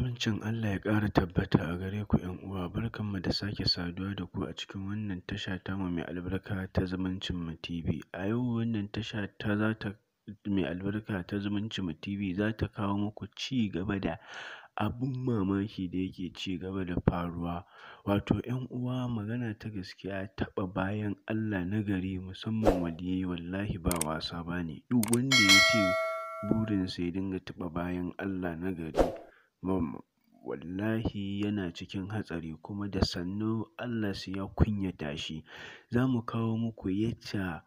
Amincin Allah ya ƙara tabbata a gare ku ‘yan uwa, barkanmu da sake saduwa da ku a cikin wannan tasha tamu mai albarka ta zumuncin mu TV. A yau wannan tasha ta za mai albarka ta zumuncin mu TV zata kawo muku ci gaba da abun mamaki da yake ci gaba da faruwa. Wato ‘yan uwa magana ta gaskiya taɓa bayan Allah na gari musamman waliyai wallahi ba wasa ba ne, duk wanda ya ce burinsa ya dinga taɓa bayan Allah na gari. wallahi yana cikin hatsari kuma da sannu Allah sai ya kunyata shi. Za mu kawo muku yacca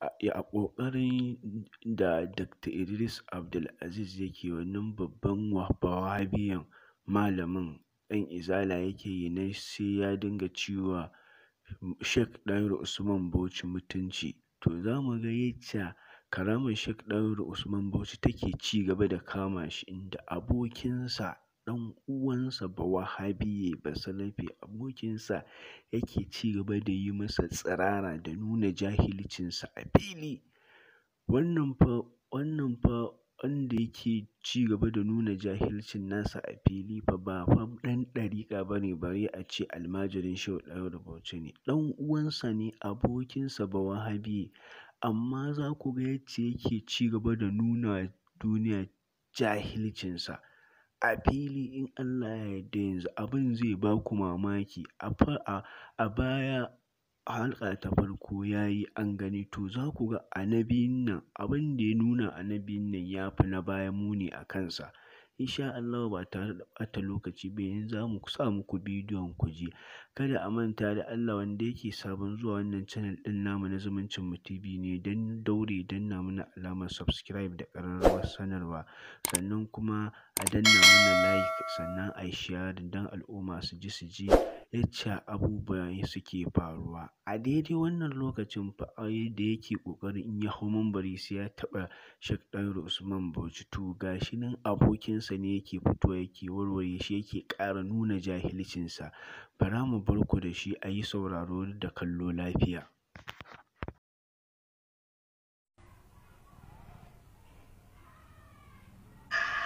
a ƙoƙarin da Dr. Idris Abdulaziz yake wannan babban wahabiyan malamin ɗan Izala yake yi na sai ya dinga ciwa Sheikh Ɗahir Usman Bauchi mutunci. To za mu ga yacca Karamar Sheikh Dawiru Usman Bauchi take ci gaba da kama shi inda abokinsa ɗan uwansa Bawahabiye Basalafe abokinsa yake ci gaba da yi masa tsirara da nuna jahilcinsa a fili. Wannan fa wannan fa wanda yake ci gaba da nuna jahilcin nasa a fili fa ba fa ɗan ɗariƙa ba ne bari a ce almajirin Sheikh Dawiru Bauchi ne, ɗan uwansa ne abokinsa Bawahabiye. amma za ku ga yacce yake ci gaba da nuna duniya jahilcinsa. A fili in Allah ya yarda yanzu abin zai ba ku mamaki. A baya halka ta farko ya yi an gani to za ku ga a na biyun nan abin da ya nuna a na biyun nan ya fi na baya muni a kansa. insha Allah ba tare da ɓata lokaci ba yanzu za mu sa muku bidiyon ku je. Kada a manta da Allah wanda yake sabon zuwa wannan channel ɗin namu na zumuncin mu TV ne dan daure dan na mana alamar subscribe da ƙararrawar sanarwa sannan kuma a danna mana like sannan a share dan al'umma su ji su ji. yacca abubuwa suke faruwa. A daidai wannan lokacin fa da yake ƙoƙarin in ya hau mambari sai ya taɓa Sheikh Ɗahir Usman Bauchi to ga shi nan abokinsa ne yake fitowa yake warware shi yake ƙara nuna jahilcinsa. Bara mu bar ku da shi a yi sauraro da kallo lafiya.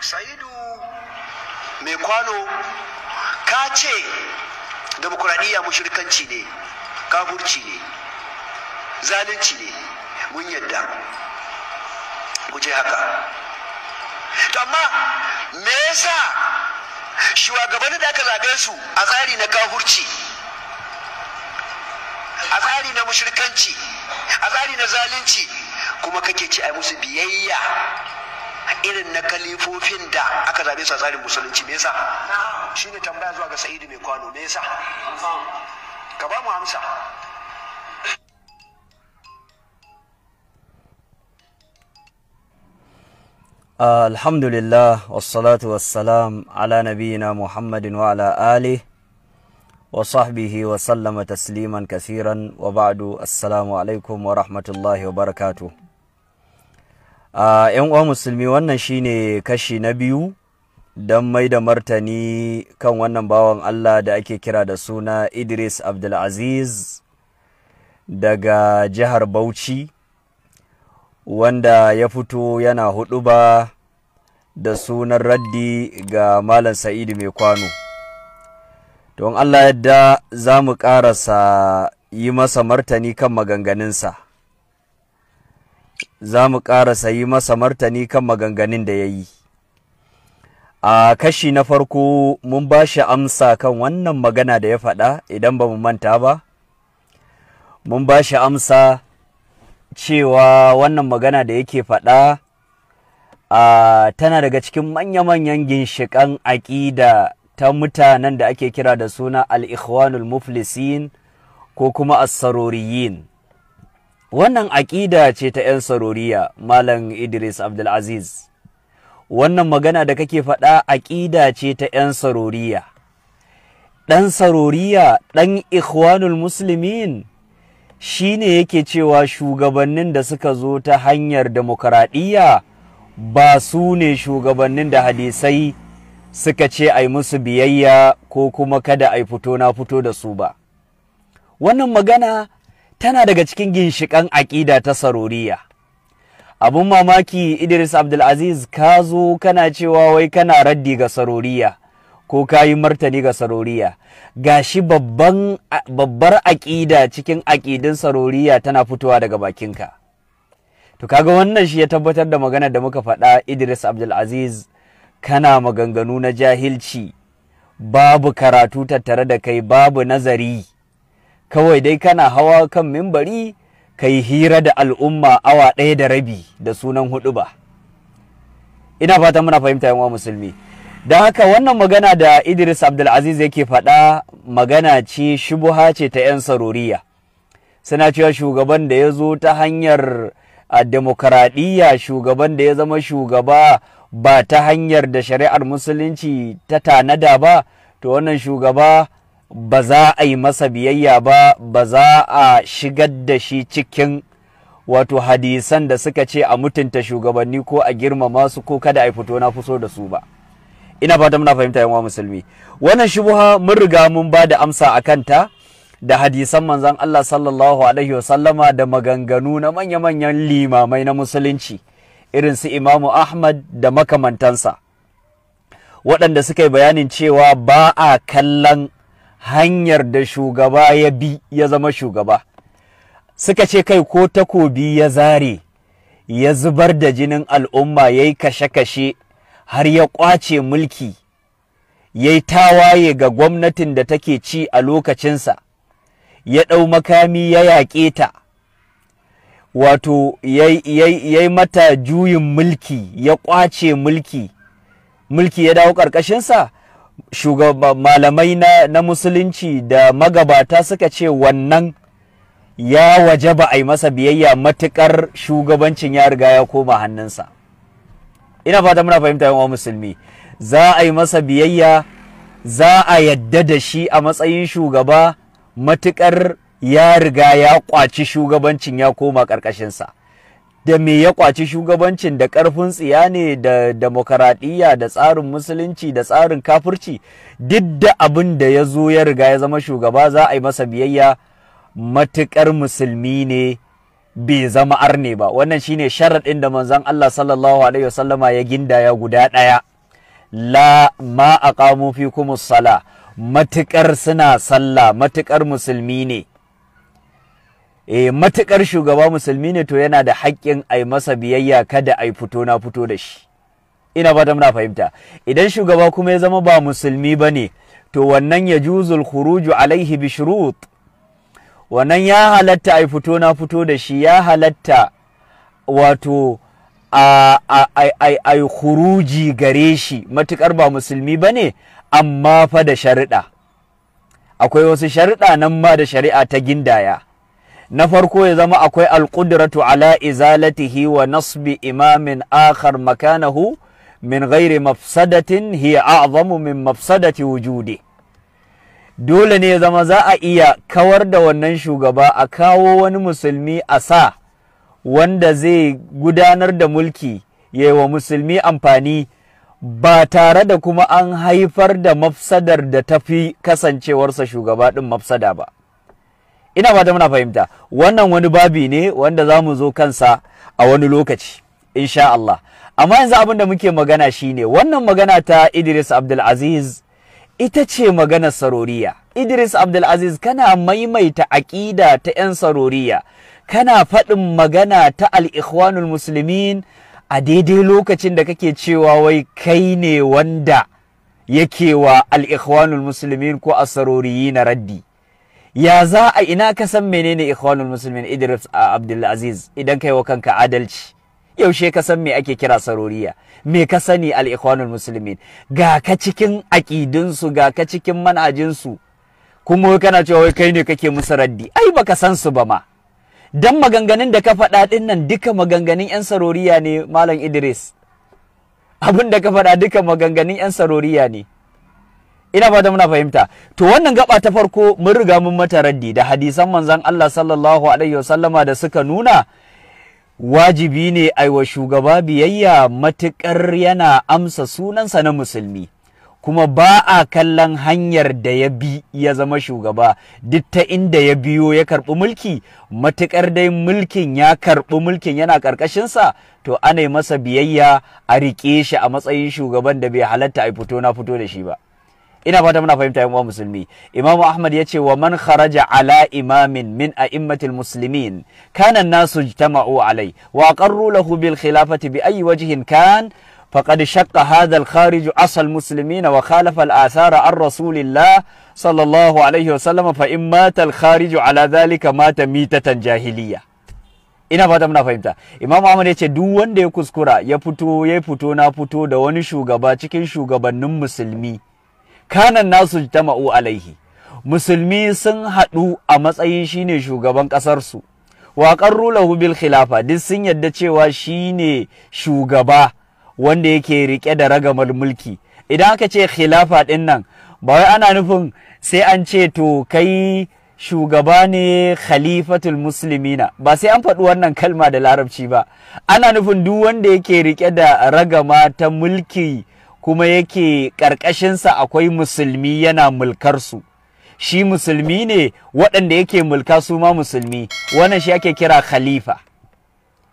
Sa'idu mai kwano ka ce demokuraɗiyya mushrikanci ne kafurci ne zalunci ne mun yadda ku je haka to amma me yasa shugabannin da aka zaɓe su a tsari na kafurci a tsari na mushrikanci a tsari na zalunci kuma kake ci a musu biyayya irin na kalifofin da aka zabe su a tsarin musulunci me yasa shine tambaya zuwa ga sa'idu mai kwano me yasa ka ba mu amsa الحمد لله والصلاة والسلام على نبينا محمد وعلى آله وصحبه وسلم تسليما كثيرا وبعد السلام عليكم ورحمة الله وبركاته 'yan uwa musulmi wannan shine kashi na biyu don mai da martani kan wannan bawan Allah da ake kira da suna Idris Abdulaziz daga jihar Bauchi wanda ya fito yana huɗuba da sunan raddi ga Malam Sa'idu mai kwano. Don Allah yadda za mu ƙarasa yi masa martani kan maganganunsa. za mu ƙarasa yi masa martani kan maganganun da ya yi a kashi na farko mun ba shi amsa kan wannan magana da ya faɗa idan ba mu manta ba mun ba shi amsa cewa wannan magana da yake faɗa tana daga cikin manya-manyan ginshiƙan aƙida ta mutanen da ake kira da suna al-ikhwanul muflisin ko kuma as Wannan aƙida ce ta 'yan saroriya Malam Idris Abdulaziz. Wannan magana da kake faɗa aƙida ce ta 'yan saroriya. Ɗan saroriya, ɗan ikhwanul musulmin shi ne yake cewa shugabannin da suka zo ta hanyar demokuraɗiyya ba su ne shugabannin da hadisai suka ce ai musu biyayya ko kuma kada ai fito na fito da su ba. Wannan magana tana daga cikin ginshikan aƙida ta saroriya abun mamaki idris abdulaziz ka zo kana cewa wai kana raddi ga saroriya ko ka yi martani ga saroriya gashi babbar aƙida cikin aƙidin saroriya tana fitowa daga bakinka to kaga wannan shi ya tabbatar da magana da muka faɗa idris abdulaziz kana maganganu na jahilci babu karatu tattare da kai babu nazari kawai dai kana hawa kan mimbari ka yi hira da al'umma awa ɗaya da rabi da sunan hudu ba ina fatan muna fahimta yan musulmi don haka wannan magana da idris abdulaziz yake faɗa magana ce shubuha ce ta 'yan saruriya. suna cewa shugaban da ya zo ta hanyar a demokaradiyya shugaban da ya zama shugaba ba ta hanyar da shari'ar musulunci ta tanada ba to wannan shugaba ba za a yi masa biyayya ba ba za a shigar da shi cikin wato hadisan da suka ce a mutunta shugabanni ko a girmama su ko kada a yi fito na fuso da su ba ina fata muna fahimta yan musulmi wannan shubuha mun riga mun ba da amsa a kanta da hadisan manzon Allah sallallahu alaihi wasallama da maganganu na manya-manyan limamai na musulunci irin su Imamu Ahmad da makamantansa waɗanda suka yi bayanin cewa ba a kallon hanyar da shugaba ya bi ya zama shugaba suka ce kai ko takobi ya zare ya zubar da jinin al'umma ya yi kashe-kashe har ya ƙwace mulki ya yi tawaye ga gwamnatin da take ci a lokacinsa ya ɗau makami ya yaƙe ta wato ya yi mata juyin mulki ya ƙwace mulki mulki ya dawo ƙarƙashinsa malamai na, na musulunci da magabata suka ce wannan ya waje ba a yi masa biyayya matukar shugabancin ya riga ya koma hannunsa ina fata muna fahimta yawan musulmi za a yi masa biyayya za a yadda da shi a matsayin shugaba matukar ya riga ya kwaci shugabancin ya koma ƙarƙashinsa da me ya kwaci shugabancin da ƙarfin tsiya ne da demokaradiyya da tsarin musulunci da tsarin kafirci duk da abin da ya zo ya riga ya zama shugaba za a yi masa biyayya matuƙar musulmi ne bai zama arne ba wannan shine sharaɗin da manzon Allah sallallahu alaihi wasallama ya gindaya guda ɗaya la ma aqamu fikum sala matuƙar suna sallah matuƙar musulmi ne e eh, matukar shugaba musulmi ne to yana da haƙƙin ai masa biyayya kada ai fito na fito da shi ina da muna fahimta idan shugaba kuma ya zama ba musulmi bane, to wannan ya juzul khuruju alaihi bi shurut wannan ya halatta ai fito na fito da shi ya halatta wato a ai khuruji gare shi matukar ba musulmi bane amma fa da shariɗa. akwai wasu shariɗa nan ma da shari'a ta gindaya na farko ya zama akwai alƙudratu ala izalatihi wa nasbi imamin akhar makanahu min gairi mafsadatin hiya a'zamu min mafsadati wujudi dole ne ya zama za a iya kawar da wannan shugaba a kawo wani musulmi a sa wanda zai gudanar da mulki yayi wa musulmi amfani ba tare da kuma an haifar da mafsadar da tafi kasancewarsa shugaba din mafsada ba ina fata muna fahimta wannan wani babi ne wanda za mu zo kansa a wani lokaci insha Allah amma yanzu abin da muke magana shine wannan magana ta Idris Abdulaziz ita ce maganar saroriya Idris Abdulaziz kana maimaita aƙida ta 'yan saroriya kana faɗin magana ta al-ikhwanul muslimin a daidai lokacin da kake cewa wai kai ne wanda yake wa al-ikhwanul muslimin ko asaroriyi na raddi ya za a ina ka san menene ikhwanul muslimin Idris Abdulaziz idan kai wa kanka adalci yaushe ka san me ake kira saroriya me ka sani al ikhwanul muslimin ga ka cikin aƙidinsu ga ka cikin manhajinsu kuma kana cewa wai kai ne kake musu raddi ai baka san su ba ma dan maganganun da ka faɗa din nan duka maganganun yan saroriya ne malam Idris abin da ka faɗa duka maganganun yan saroriya ne ina fata muna fahimta to wannan gaba ta farko mun riga mun mata raddi da hadisan manzon Allah sallallahu alaihi wasallama da suka nuna wajibi ne aiwa shugaba biyayya matukar yana amsa sunansa na musulmi kuma ba a kallon hanyar da ya bi ya zama shugaba duk ta inda ya biyo ya karɓi mulki matuƙar dai mulkin ya karɓi mulkin yana ƙarƙashinsa to ana masa biyayya a riƙe shi a matsayin shugaban da bai halatta a fito na fito da shi ba ina fata muna fahimta yan uwa musulmi imamu ahmad ya ce wa man kharaja ala imamin min a'immatil muslimin kana nasu ijtama'u alai wa qarru lahu bil khilafati bi ayyi wajhin kan فقد asal muslimin wa khalafa al athar ar rasulillah sallallahu alaihi wa sallam fa in mata al الخارج ala dhalika mata mitatan jahiliya. ina fata muna fahimta imam ahmad yace ce duk wanda ya kuskura ya fito ya fito na fito da wani shugaba cikin shugabannin musulmi kanan nasu jama'u alaihi musulmi sun haɗu a matsayin shine shugaban ƙasarsu waƙar lahu bil khilafa duk sun yadda cewa shine shugaba wanda yake rike da ragamar mulki idan aka ce khilafa ɗin nan ba wai ana nufin sai an ce to kai shugaba ne khalifatul muslimina ba sai an faɗi wannan kalma da larabci ba ana nufin duk wanda yake rike da ragama ta mulki kuma yake ƙarƙashinsa akwai musulmi yana mulkarsu shi musulmi ne waɗanda yake mulka su ma musulmi wannan shi ake kira khalifa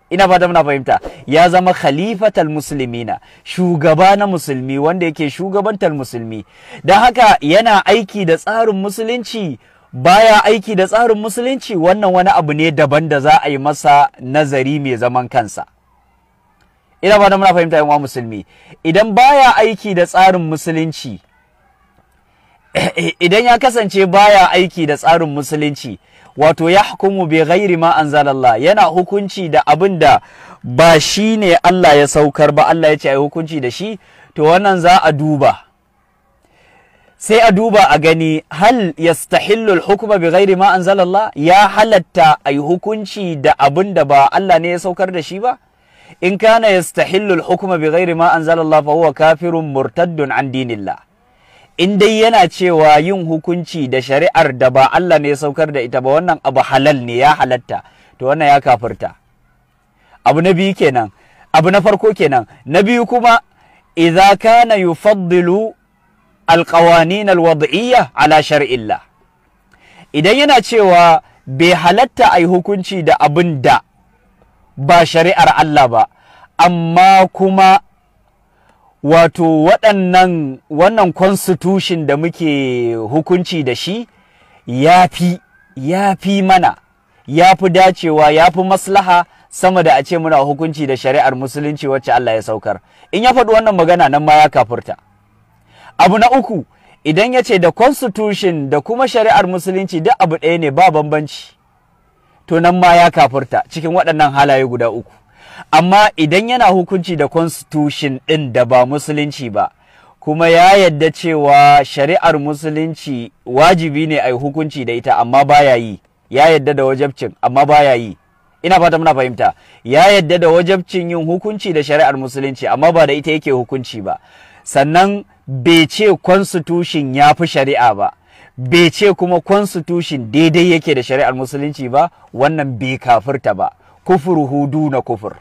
ina fata muna fahimta ya zama khalifatal musulmina shugaba na musulmi wanda yake shugabantar musulmi don haka yana aiki da tsarin musulunci baya aiki da tsarin musulunci wannan wani abu ne daban da za a yi masa nazari mai zaman kansa ina ba da muna fahimta yan musulmi idan baya aiki da tsarin musulunci idan ya kasance baya aiki da tsarin musulunci wato ya hukumu bi ghairi ma anzalallah yana hukunci da abin da ba shi ne Allah ya saukar ba Allah ya ce yi hukunci da shi to wannan za a duba sai a duba a gani hal ya al hukuma bi ghairi ma anzalallah ya halatta a yi hukunci da abin da ba Allah ne ya saukar da shi ba in kana yastahillu hukuma bi bighairi ma anzalallah fa huwa kafirun murtaddun an dinillah in dai yana cewa yin hukunci da shari'ar da ba Allah ne ya saukar da ita ba wannan abu halal ne ya halatta to wannan ya kafirta abu na biyu kenan abu na farko kenan na biyu kuma idza kana yufaddilu alqawanin alwad'iyya ala shar'illah idan yana cewa bai halatta ai hukunci da abinda. da ba shari'ar Allah ba amma kuma wato waɗannan wannan constitution da muke hukunci da shi ya fi ya fi mana ya fi dacewa ya fi maslaha sama da a ce muna hukunci da shari'ar musulunci wacce Allah ya saukar in ya faɗi wannan magana nan ma ya kafurta abu na uku idan ya ce da constitution da kuma shari'ar musulunci duk abu ɗaya ne ba bambanci to nan ma ya kafurta cikin waɗannan halaye guda uku amma idan yana hukunci da constitution ɗin da ba musulunci ba kuma ya yadda cewa shari'ar musulunci wajibi ne a yi hukunci da ita amma baya yi ya yadda da wajabcin amma baya yi ina fata muna fahimta ya yadda da wajabcin yin hukunci da shari'ar musulunci amma ba da ita yake hukunci ba sannan bai ce constitution ya fi shari'a ba bai ce kuma constitution daidai yake da shari'ar musulunci ba wannan bai kafirta ba kufur hudu na kufur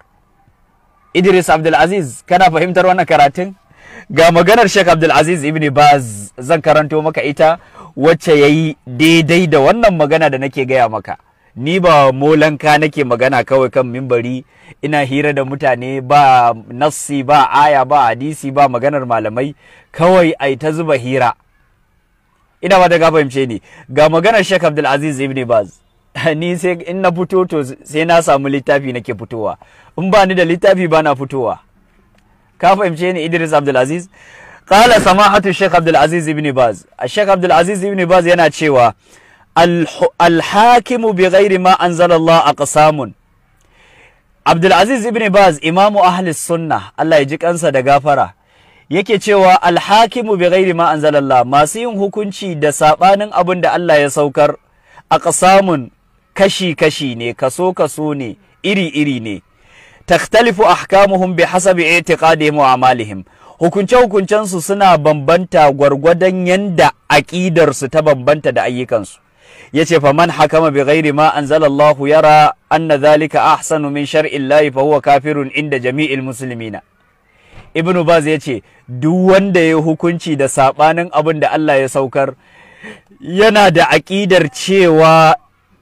idris abdulaziz kana fahimtar wannan karatun ga maganar shek abdulaziz ibn baz zan karanto maka ita wacce ya yi daidai da wannan magana da nake gaya maka ni ba molanka nake magana kawai kan mimbari ina hira da mutane ba nassi ba aya ba hadisi ba maganar malamai kawai ai ta zuba hira ina ba da ka fahimce ni ga maganar Sheikh Abdul Aziz Ibn Baz ni sai in na fito to sai na samu littafi nake fitowa in ba ni da littafi ba na fitowa ka fahimce ni Idris Abdul Aziz qala samahatu Sheikh Abdul Aziz Ibn Baz Sheikh Abdul Ibn Baz yana cewa al-hakimu bi ghairi ma anzala Allah aqsamun Abdul Aziz Ibn Baz imamu ahli sunna Allah ya ji kansa da gafara yake cewa alhakimu bi ghairi ma anzalallah masu yin hukunci da sabanin abin da Allah ya saukar a kasamun kashi kashi ne kaso kaso ne iri iri ne takhtalifu ahkamuhum bi hasabi i'tiqadihim wa amalihim hukunce hukuncensu suna bambanta gwargwadon yanda aƙidarsu ta bambanta da ayyukansu yace fa man hakama bi ghairi ma anzalallahu yara anna dhalika ahsanu min shar'i Allah fa huwa kafirun inda jami'il muslimina ibn baz ya ce duk wanda ya hukunci da saɓanin abin da Allah ya saukar yana da aƙidar cewa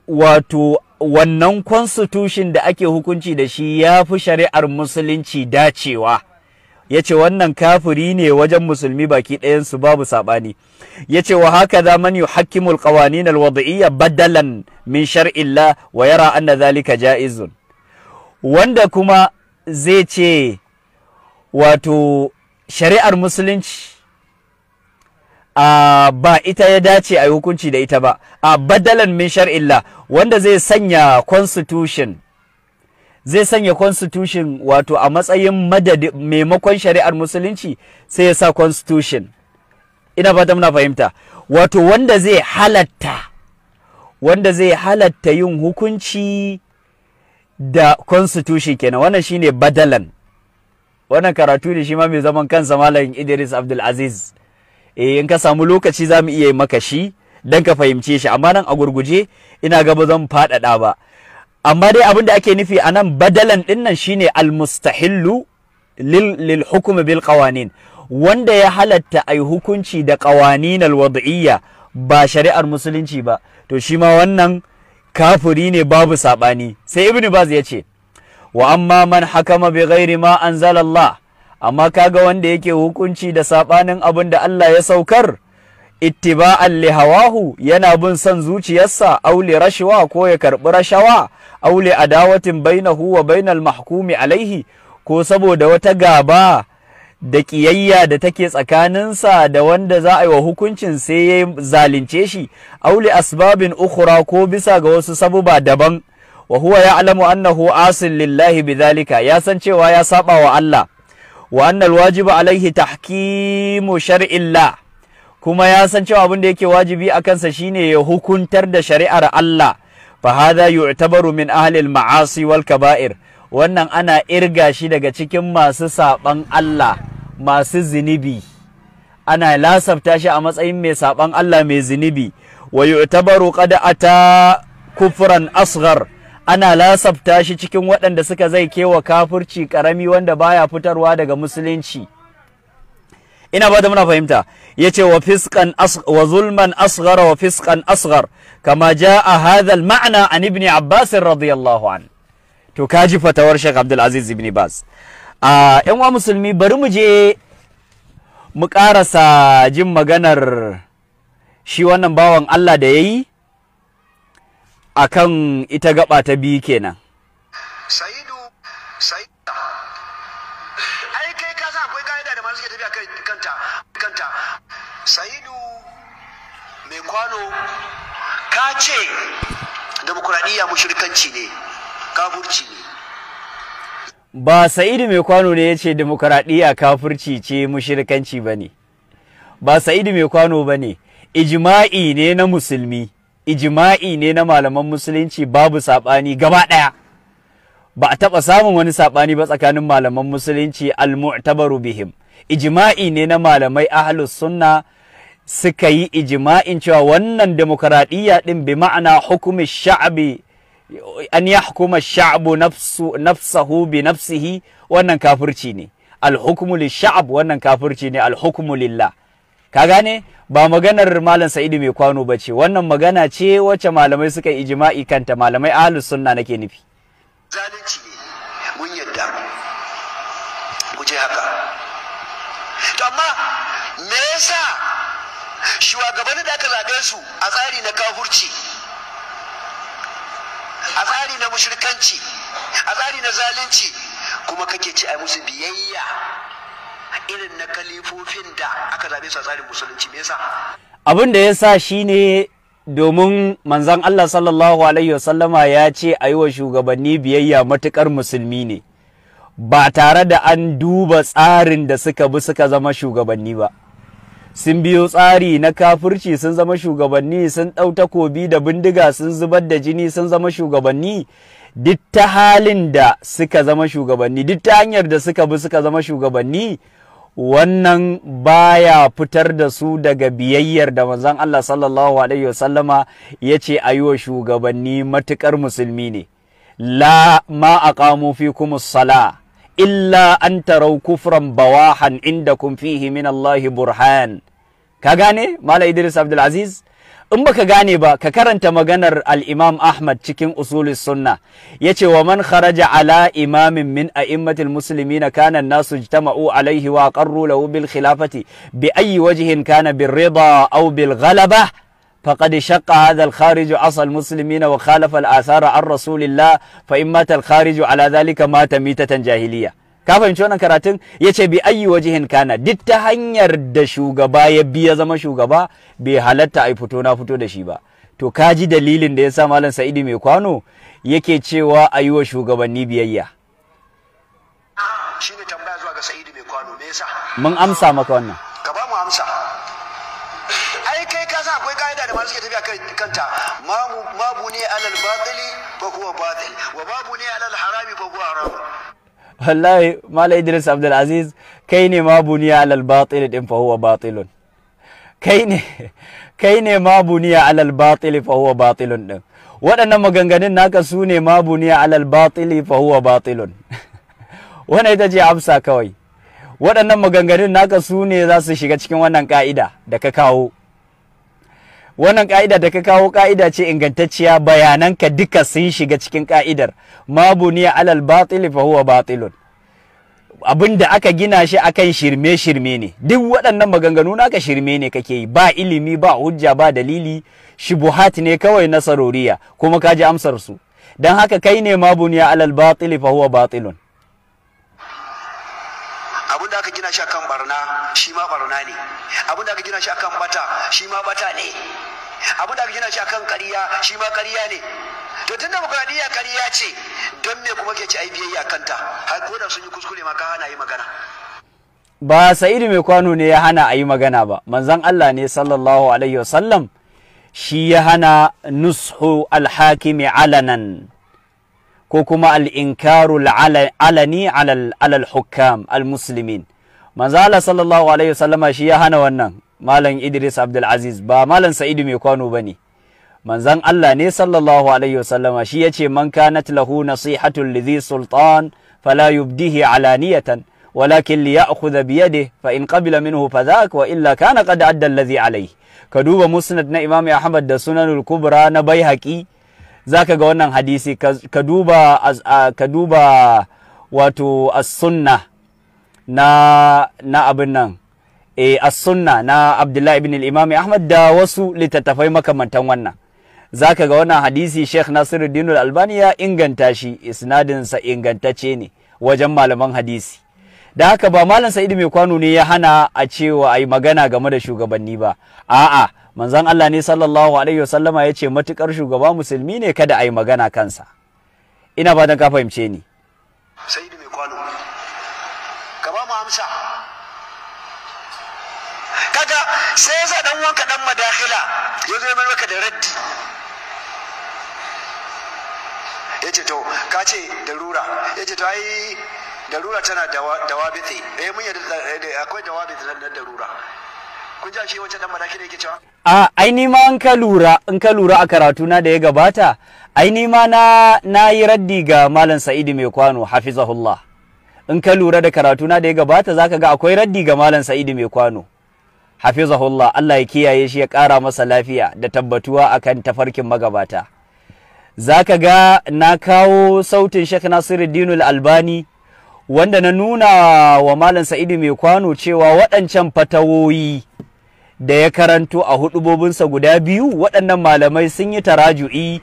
wato wannan constitution da ake hukunci da shi ya fi shari'ar musulunci dacewa ya ce wannan kafuri ne wajen musulmi baki ɗayansu babu saɓani ya ce wa haka za man yi hakimul ƙawanin alwada'iyya badalan min shar'illa wa yara anna zalika ja'izun wanda kuma zai ce wato shari'ar musulunci a ba ita ya dace a yi hukunci da ita ba a badalan min shar'illa wanda zai sanya constitution zai sanya constitution wato a matsayin madadi maimakon shari'ar musulunci sai ya sa constitution ina fata muna fahimta wato wanda zai halatta wanda zai halatta yin hukunci da constitution kenan wannan shine badalan wannan karatu ne shi ma mai zaman kansa malam Idris Abdul Aziz eh in ka samu lokaci za mu iya maka shi dan ka fahimce shi amma nan a gurguje ina ga ba zan faɗaɗa ba amma dai abin da ake nufi a nan badalan din nan shine mustahillu lil hukum bil qawanin wanda ya halatta ai hukunci da qawanin wad'iyya ba shari'ar musulunci ba to shi ma wannan kafiri ne babu sabani sai ibnu baz ya ce wa amma man hakama bi ghairi ma anzalallah amma kaga wanda yake hukunci da sabanin abin da Allah ya saukar ittiba'an li hawahu yana bin son zuciyarsa auli rashawa ko ya karbi rashawa auli adawatin bainahu wa bainal mahkumi alaihi ko saboda wata gaba da kiyayya da take tsakaninsa da wanda za a yi wa hukuncin sai ya zalunce shi auli asbabin ukhra ko bisa ga wasu sabuba daban wa huwa ya'lamu annahu asil lillahi bidhalika ya san cewa ya saba wa Allah wa anna alwajibu alaihi tahkimu shar'illah kuma ya san cewa abin da yake wajibi a kansa shine ya hukuntar da shari'ar Allah fa hadha yu'tabaru min ahli al-ma'asi wal kaba'ir wannan ana irga shi daga cikin masu saban Allah masu zinibi ana lasafta shi a matsayin mai saban Allah mai zinibi wa yu'tabaru qad ata kufran asghar ana lasafta shi cikin waɗanda suka zai kewa kafurci ƙarami wanda baya fitarwa daga musulunci ina ba da muna fahimta ya ce wa fiskan wa zulman asghar wa fiskan asghar kama ja a hadhal ma'ana an ibn abbas radiyallahu an to kaji fatawar shek abdul aziz ibn bas a yan wa musulmi bari mu je mu karasa jin maganar shi wannan bawan Allah da yayi akan ita gaba ta biyu kenan sa'idu sa'ida ai kai ka sa akwai ka'ida da masu suke tafiya kanta kanta sa'idu mai kwano ka ce demokuraɗiyya mushrikanci ne kafurci ne ba sa'idu mai kwano ne ya ce demokuraɗiyya kafurci ce mushirkanci ba ne ba sa'idu mai kwano ba ne ijima'i ne na musulmi ijima'i ne na malaman musulunci babu saɓani gaba ɗaya ba a taɓa samun wani saɓani ba tsakanin malaman musulunci al-mu'tabaru bihim ijima'i ne na malamai ahlus sunna suka yi ijima'in cewa wannan demokaradiyya din bi ma'ana hukumi sha'abi an ya hukuma sha'abu nafsahu bi nafsihi wannan kafirci ne alhukumu shab wannan kafirci ne alhukumu lillah ka gane ba maganar malam sa'idu mai kwano ba ce wannan magana ce wacce malamai suka jima'i kanta malamai ahlus sunna nake nufi zalunci mun yadda ku haka to amma me yasa shugaban da aka zaɓe su a tsari na kafurci a tsari na mushrikanci a tsari na zalunci kuma kake ci a musu biyayya a irin na kalifofin da aka zaɓe su a tsarin musulunci me yasa abin da yasa shine domin manzon Allah sallallahu alaihi wasallama ya ce a yi wa shugabanni biyayya matukar musulmi ne ba tare da an duba tsarin da suka bi suka zama shugabanni ba sun biyo tsari na kafirci sun zama shugabanni sun ɗau takobi da bindiga sun zubar da jini sun zama shugabanni duk ta halin da suka zama shugabanni duk ta hanyar da suka bi suka zama shugabanni wannan baya fitar da su daga biyayyar da manzon Allah sallallahu alaihi wasallama ya ce a yi wa shugabanni matukar musulmi ne la ma aqamu fikum sala illa an tarau kufran bawahan inda kun fihi min Allah burhan ka gane mala Idris Abdul Aziz in baka gane ba ka karanta maganar al-Imam Ahmad cikin usulul sunna yace wa man kharaja ala imamin min a'immatil muslimina kana an-nasu jtama'u alayhi wa qarru lahu bil khilafati bi ayyi wajhin kana bir rida aw bil ghalaba فقد شق هذا الخارج عصى المسلمين وخالف الآثار عن رسول الله فإن مات الخارج على ذلك مات ميتة جاهلية ka fahimci wannan karatun ya ce bi ayi wajihin kana duk ta hanyar da shugaba ya bi ya zama shugaba bai halatta a fito na fito da shi ba to ka ji dalilin da ya sa malam sa'idi mai kwano yake cewa a yi wa shugabanni biyayya ah, Shi ne tambaya zuwa ga sa'idi mai kwano me yasa mun amsa maka wannan ka ba mu amsa ai kai ka sa akwai ka'ida da masu ke tafiya kanta mabu ne alal batili ko kuwa batil wa babu ne alal harami ko kuwa haram wallahi mala idris abdulaziz kai ne ma buniya alal batil din fa huwa batilun kai ne kai ne ma buniya alal batil fa huwa batilun din waɗannan maganganun naka su ne ma buniya alal batili fa huwa batilun wannan ita ce amsa kawai wadannan maganganun naka su ne za su shiga cikin wannan ka'ida da ka kawo wannan ka'ida da ka kawo ka'ida ce ingantacciya bayananka duka sun shiga cikin ka'idar ma buniya alal batil fa huwa batilun abin da aka gina shi akan shirme shirme ne duk waɗannan maganganu naka shirme ne kake yi ba ilimi ba hujja ba dalili shubuhat ne kawai na saroriya kuma ka ji amsar su dan haka kai ne ma buniya alal batil fa huwa batilun abin da aka gina shi akan barna shi ma barna ne abin da aka gina shi akan bata shi ma bata ne abin da aka gina shi akan kariya shi ma kariya ne to tun demokradiyya kariya ce don me kuma ke ci ai biyayya kanta har ko da sun yi kuskure ma ka hana yi magana ba sa'idu mai kwano ne ya hana a yi magana ba manzon Allah ne sallallahu alaihi wasallam shi ya hana nushu alhakimi alanan ko kuma al'inkaru alani alal hukam al-muslimin manzala sallallahu alaihi wasallama shi ya hana wannan Malam Idris Abdulaziz ba Malam Sa'idu mai kwano ba ne, manzan Allah ne sallallahu Alaihi wasallama shi ya ce, Man kanat lahu nasihatun lizi sultan fala yubdihi alaniyatan walakin li ya'khudha bi yadihi fa in qabila minhu fa dhaak wa illa kana qad adda alladhi alai ka duba musnad na imam ahmad da sunanul kubra na za zaka ga wannan hadisi ka duba wato as sunna na abin nan e, as-sunna na abdullah ibn al-Imam Ahmad da wasu littattafai makamantan wannan zaka ga wannan hadisi Sheikh Nasiruddin al-Albani ya inganta shi isnadin sa ingantacce ne wajen malaman hadisi da haka ba malam said mai kwano ne ya hana a cewa ai magana game da shugabanni ba a'a manzon Allah ne sallallahu alaihi wasallama ya matukar shugaba musulmi ne kada ai magana kansa ina fatan ka fahimce ni Sa'idu mai kwano ka ba mu amsa kaga sai ya sa dan wanka dan madakhila ya zo mai maka da raddi ya ce to ka ce darura ya ce to ai darura tana da dawabiti eh mun yi eh, akwai da dawabiti na darura kun ji shi wancan dan madakhila yake cewa a ai ni ma an ka lura in ka lura a karatu na da ya gabata ai ni ma na na yi raddi ga malam sa'idi mai kwano hafizahullah in ka lura da karatu na da ya gabata zaka ga akwai raddi ga malam sa'idi mai kwano hafizahullah Allah ya kiyaye shi ya ƙara masa lafiya da tabbatuwa akan tafarkin magabata zaka ga na kawo sautin Sheikh Nasiruddin Al-Albani wanda na nuna wa Malam Sa'idu mai kwano cewa waɗancan fatawoyi da ya karanto a hudubobinsa guda biyu waɗannan malamai sun yi taraju'i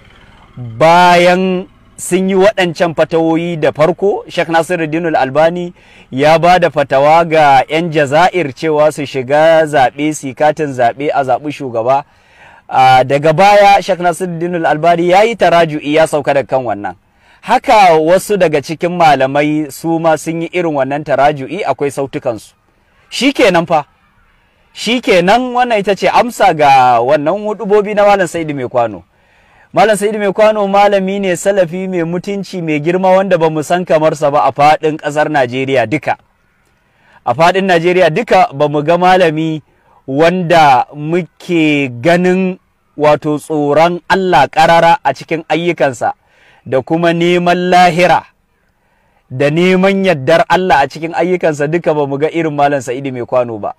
bayan sun yi waɗancan fatawoyi da farko Nasiru Nasiruddin Albani ya ba da fatawa ga 'yan Jaza'ir cewa su shiga zaɓe su katin zaɓe a zaɓi shugaba daga baya Sheikh Nasiruddin Albani ya yi taraju'i ya sauka da kan wannan haka wasu daga cikin malamai su ma sun yi irin wannan taraju'i akwai sautukansu Shi shikenan fa Shi shikenan wannan ita ce amsa ga wannan hudubobi na malam Sa'idu mai kwano Malam Sa'idu mai kwano malami ne salafi mai mutunci mai girma wanda ba mu san sa ba a faɗin ƙasar Najeriya duka. A faɗin Najeriya duka ba mu ga malami wanda muke ganin wato tsoron Allah ƙarara a cikin ayyukansa da kuma neman lahira. da neman yaddar Allah a cikin ayyukansa duka ba mu ga irin Malam Sa'idu mai kwano ba.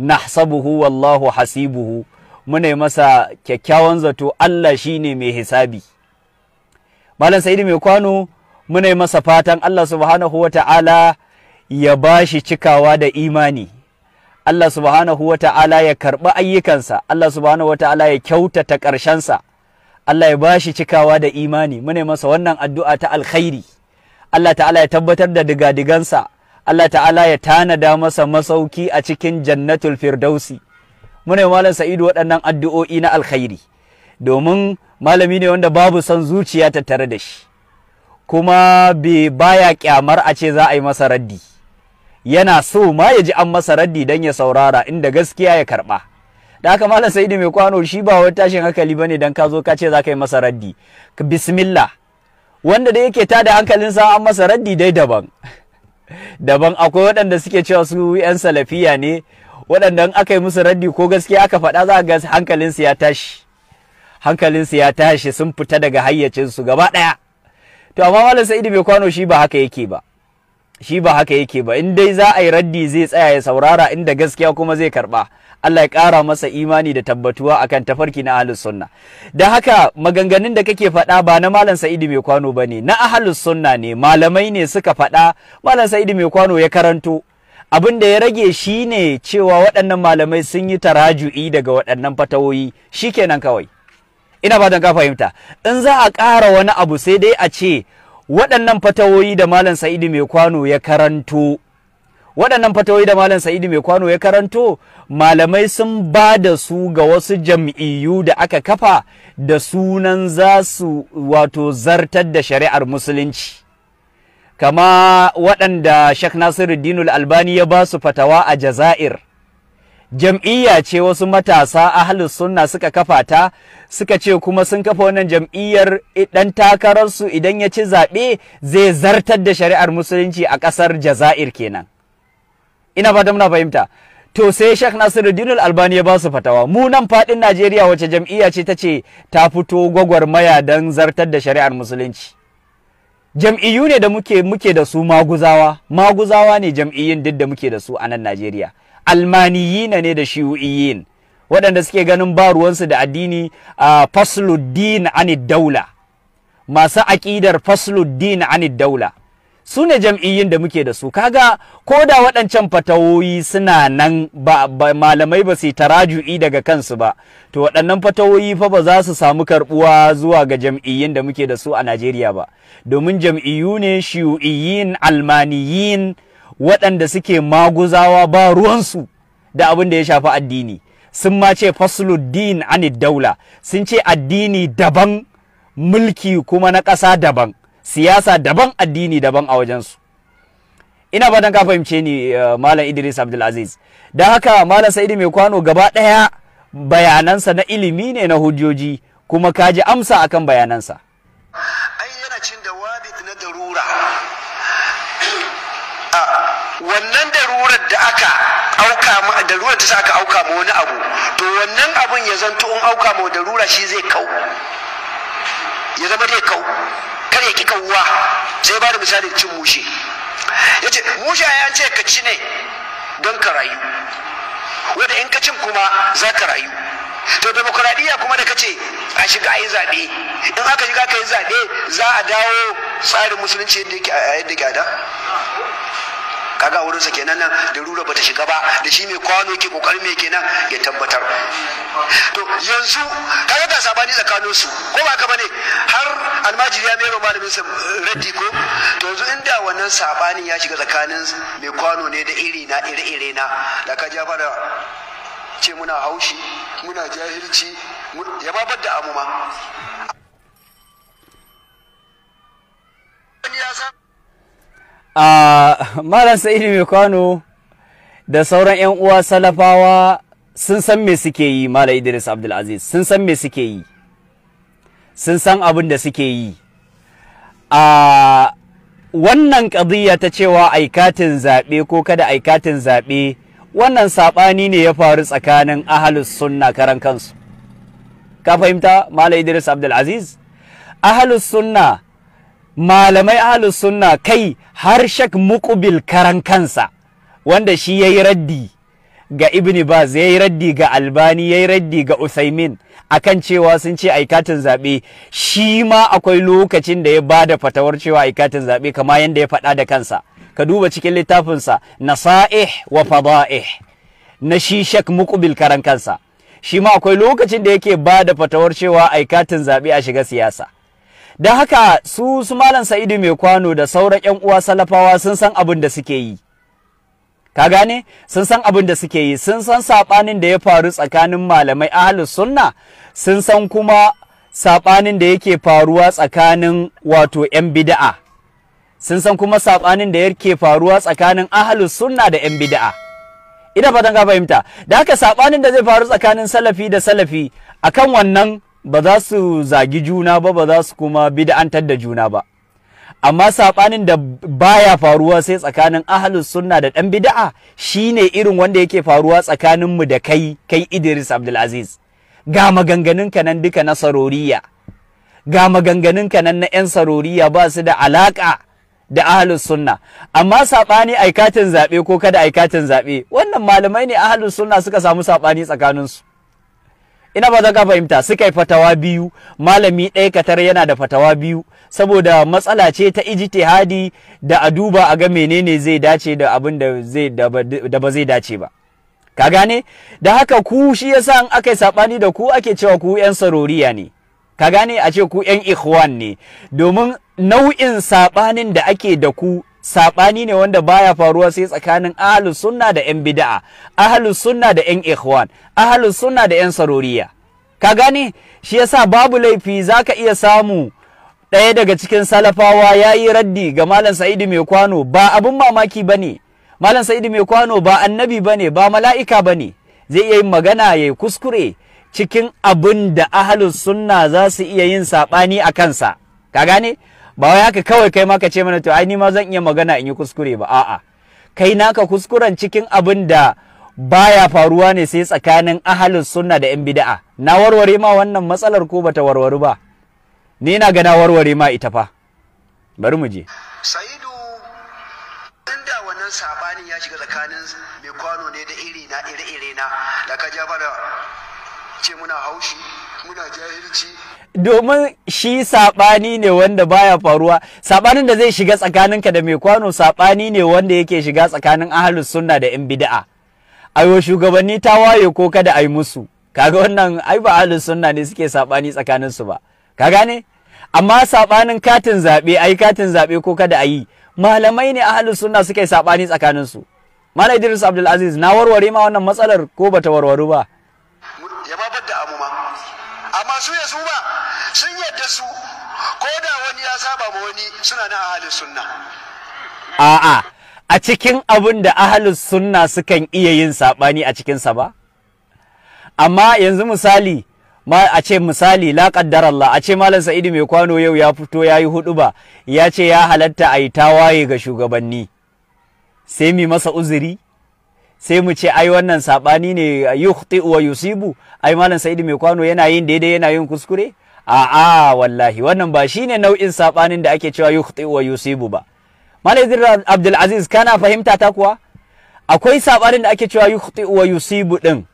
Nahsabuhu wallahu hasibuhu muna masa kyakkyawan zato Allah shine mai hisabi malam sa'idu mai kwano muna masa fatan Allah subhanahu wa ta'ala ya ba shi cikawa da imani Allah subhanahu wa ta'ala ya karɓi ayyukansa Allah subhanahu wa ta'ala ya kyautata ƙarshensa Allah ya ba shi cikawa da imani muna masa wannan addu'a ta alkhairi Allah ta'ala ya tabbatar da digadigansa Allah ta'ala ya tanada masa masauki a cikin jannatul firdausi muna yi malam sa'idu waɗannan addu'o'i na alkhairi domin malami ne wanda babu son zuciya ta tare da shi kuma bai baya kyamar a ce za a yi masa raddi yana so ma ya ji an masa raddi don ya saurara inda gaskiya ya karɓa. da haka malam sa'idu mai kwano shi ba wani tashin hankali bane dan ka zo ka ce za ka yi masa raddi bismillah wanda da yake tada hankalinsa an masa raddi dai daban daban akwai waɗanda suke cewa su 'yan salafiya ne waɗanda aka yi musu raddi ko gaskiya aka faɗa za a ga hankalinsu ya tashi hankalinsu ya tashi sun fita daga hayyacinsu gaba ɗaya to amma malam sa'idu bai kwano shi ba haka yake ba shi ba haka yake ba in dai za a yi raddi zai tsaya ya saurara inda gaskiya kuma zai karɓa. Allah ya ƙara masa imani da tabbatuwa akan tafarki na ahlus sunna da haka maganganun da kake faɗa ba na malam sa'idu mai kwano bane na ahlus sunna ne malamai ne suka faɗa malam sa'idu mai kwano ya karanto abin da ya rage shi ne cewa waɗannan malamai sun yi taraju'i daga waɗannan fatawoyi shi kenan kawai ina ba ka fahimta in za a ƙara wani abu sai dai a ce waɗannan fatawoyi da malam sa'idu mai kwano ya karanto waɗannan fatawoyi da malam sa'idu mai kwano ya karanto malamai sun ba da su ga wasu jam'iyyu da aka kafa da sunan za su wato zartar da shari'ar musulunci kama waɗanda Sheikh Nasiruddin Albani ya ba su fatawa a Jazair jam'iyya ce wasu matasa ahlus sunna suka kafa ta suka ce kuma sun kafa wannan jam'iyyar dan takararsu idan ya ci zaɓe zai zartar da shari'ar musulunci a ƙasar jazair kenan ina fata muna fahimta to sai Sheikh Nasiruddin Albani ya ba su fatawa mu nan fadin Najeriya wace jam'iyya ce ta ce ta fito gwagwarmaya don zartar da shari'ar musulunci jam'iyyu ne da muke muke da su maguzawa maguzawa ne jam'iyyin duk da muke da su a nan Najeriya almaniyina ne da shi'u'iyin waɗanda suke ganin ba ruwansu da addini a fasluddin anid daula masu aƙidar fasluddin anid daula su ne jam'iyyun da muke da su kaga ko da waɗancan fatawoyi suna nan ba, malamai ba su taraju'i daga kansu ba to waɗannan fatawoyi fa ba za su samu karɓuwa zuwa ga jam'iyyun da muke da su a Najeriya ba domin jam'iyyu ne shiyu'iyyin almaniyin waɗanda suke maguzawa ba ruwansu da abin da ya shafi addini sun ma ce fasluddin anid daula sun ce addini daban mulki kuma na ƙasa daban siyasa daban addini daban a wajensu ina dan ka fahimce ni eh, malam idris abdulaziz don haka malam sa'idu mai kwano gaba ɗaya bayanansa na ilimi ne na hujjoji kuma kaji ji amsa akan bayanansa ai yana cin da na darura wannan darurar da aka auka darurar ta aka auka ma wani abu to wannan abun ya zanto in auka ma darura shi zai kau ya zama zai kau kare kika kan kawuwa sai ba da misalin cin mushe yace mushe ya ce ka ci ne don ka rayu wanda in ka cin kuma za ka rayu to demokuraɗiyya kuma da ka ce a shiga yi zaɓe in aka shiga ka yi zaɓe za a dawo tsarin musulunci yadda ke da kaga wurinsa kenan nan da rura bata shiga ba da shi mai kwano ke kokarin mai kenan ya tabbatar to yanzu kaga ga sabani tsakanin su ko ba gaba ne har almajiri ya mero malamin sa eh, reddi ko to yanzu inda wannan sabanin ya shiga tsakanin mai kwano ne da iri na ire ire na da ka ja fara ce muna haushi muna jahilci ya ba da amu ma a ah, malam sa'idu mai kwano da sauran 'yan uwa salafawa sun san me suke yi Malam Idris Abdulaziz sun san me suke yi sun san abin da suke yi a wannan ƙadiyya ta cewa aikatin zaɓe ko kada aikatin zaɓe wannan saɓani ne ya faru tsakanin ahalus sunna karan kansu ka fahimta Malam Idris Abdulaziz ahalus sunna malamai ahalus sunna kai har shak muƙubil karan kansa wanda shi ya yi raddi ga ibn baz yi raddi ga albani ya yi raddi ga usaimin akan cewa sun ce aikatin zaɓe shi ma akwai lokacin da ya bada fatawar cewa aikatin zaɓe kama yadda ya faɗa da kansa ka duba cikin littafinsa sa'ih wa fada'ih na shi shak mukubil karan kansa shi ma akwai lokacin da yake da fatawar cewa aikatin zaɓe a shiga siyasa Da haka su su malam sa'idu mai kwano da sauran 'yan uwa salafawa sun san abin da suke yi ka gane sun san abin da suke yi sun san saɓanin da ya faru tsakanin malamai ahalus sunna sun san kuma saɓanin da yake faruwa tsakanin wato 'yan bida'a sun san kuma saɓanin da yake faruwa tsakanin ahalus sunna da 'yan bida'a ina fatan ka fahimta da haka saɓanin da zai faru tsakanin salafi da salafi akan wannan ba za su zagi juna ba ba za su kuma bida'antar da juna ba amma saɓanin da baya faruwa sai tsakanin ahlus sunna da ɗan bida'a, shi ne irin wanda yake faruwa tsakanin mu da kai kai Idris Abdulaziz ga maganganun kanan duka na saroriya ga maganganun kanan na yan saroriya ba su da alaƙa da ahlus sunna amma saɓani aikatin zaɓe ko kada aikatin zaɓe, wannan malamai ne ahlus sunna suka samu saɓani tsakaninsu ina ba za ka fahimta suka yi fatawa biyu malami ɗaya katar yana da fatawa biyu saboda matsala ce ta ijiti hadi da a duba a ga menene zai dace da abin da ba zai dace ba ka gane da haka ku shi yasa in aka yi sabani da ku ake cewa ku yan saroriya ne ka gane a ce ku yan ikhwan ne domin nau'in sabanin da ake da ku saɓani ne wanda baya faruwa sai tsakanin ahlus sunna da 'yan bida'a ahlus sunna da 'yan ikhwan ahlus sunna da 'yan saroriya ka gane shi yasa babu laifi zaka iya samu ɗaya daga cikin salafawa ya yi raddi ga malam sa'idu mai kwano ba abun mamaki ba ne malam sa'idu mai kwano ba annabi ba ne ba mala'ika ba ne zai iya yin magana ya yi kuskure cikin abin da ahalus sunna za su iya yin saɓani a kansa ka gane ba wai haka kawai kai ma ka ce mana to ai ni ma zan iya magana in yi kuskure ba a'a kai naka kuskuren cikin abin da baya faruwa ne sai tsakanin ahalin sunna da yan bida'a na warware ma wannan matsalar ko bata warware ba ni na ga na warware ma ita fa bari mu je sa'idu inda wannan sabanin ya shiga tsakanin mai kwano ne da iri na ire-ire na da ka ja mana ce muna haushi muna jahilci domin shi saɓani ne wanda baya faruwa saɓanin da zai shiga tsakaninka da mai kwano saɓani ne wanda yake shiga tsakanin ahalus sunna da yan bid'a ayo shugabanni ta waye ko kada ai musu kaga wannan ai ba ahalus sunna ne suke saɓani tsakanin su ba ka gane amma saɓanin katin zaɓe ai katin zaɓe ko kada ayi malamai ne ahalus sunna suke saɓani tsakanin su Malam Idris Abdul Aziz na warware ma wannan matsalar ko bata warwaru ba ya ba da amuma amma su ya su ba da wani ya saba ma wani suna na ahalin sunna a'a a cikin abin da ahalin sunna sukan iya yin saɓani a cikinsa ba amma yanzu misali ma a ce misali la Allah a ce malam Sa'idu mai kwano yau ya fito yayi huɗuba ya ce ya halatta a yi tawaye ga shugabanni sai mu masa uzuri sai mu ce ai wannan sabani ne yukhti wa yusibu ai malam Sa'idu mai kwano yana yin daidai yana yin kuskure a'a wallahi wannan ba shine nau'in sabanin da ake cewa yukhti wa yusibu ba Malaizir Abdul Aziz kana fahimta ta kuwa akwai sabanin da ake cewa yukhti wa yusibu din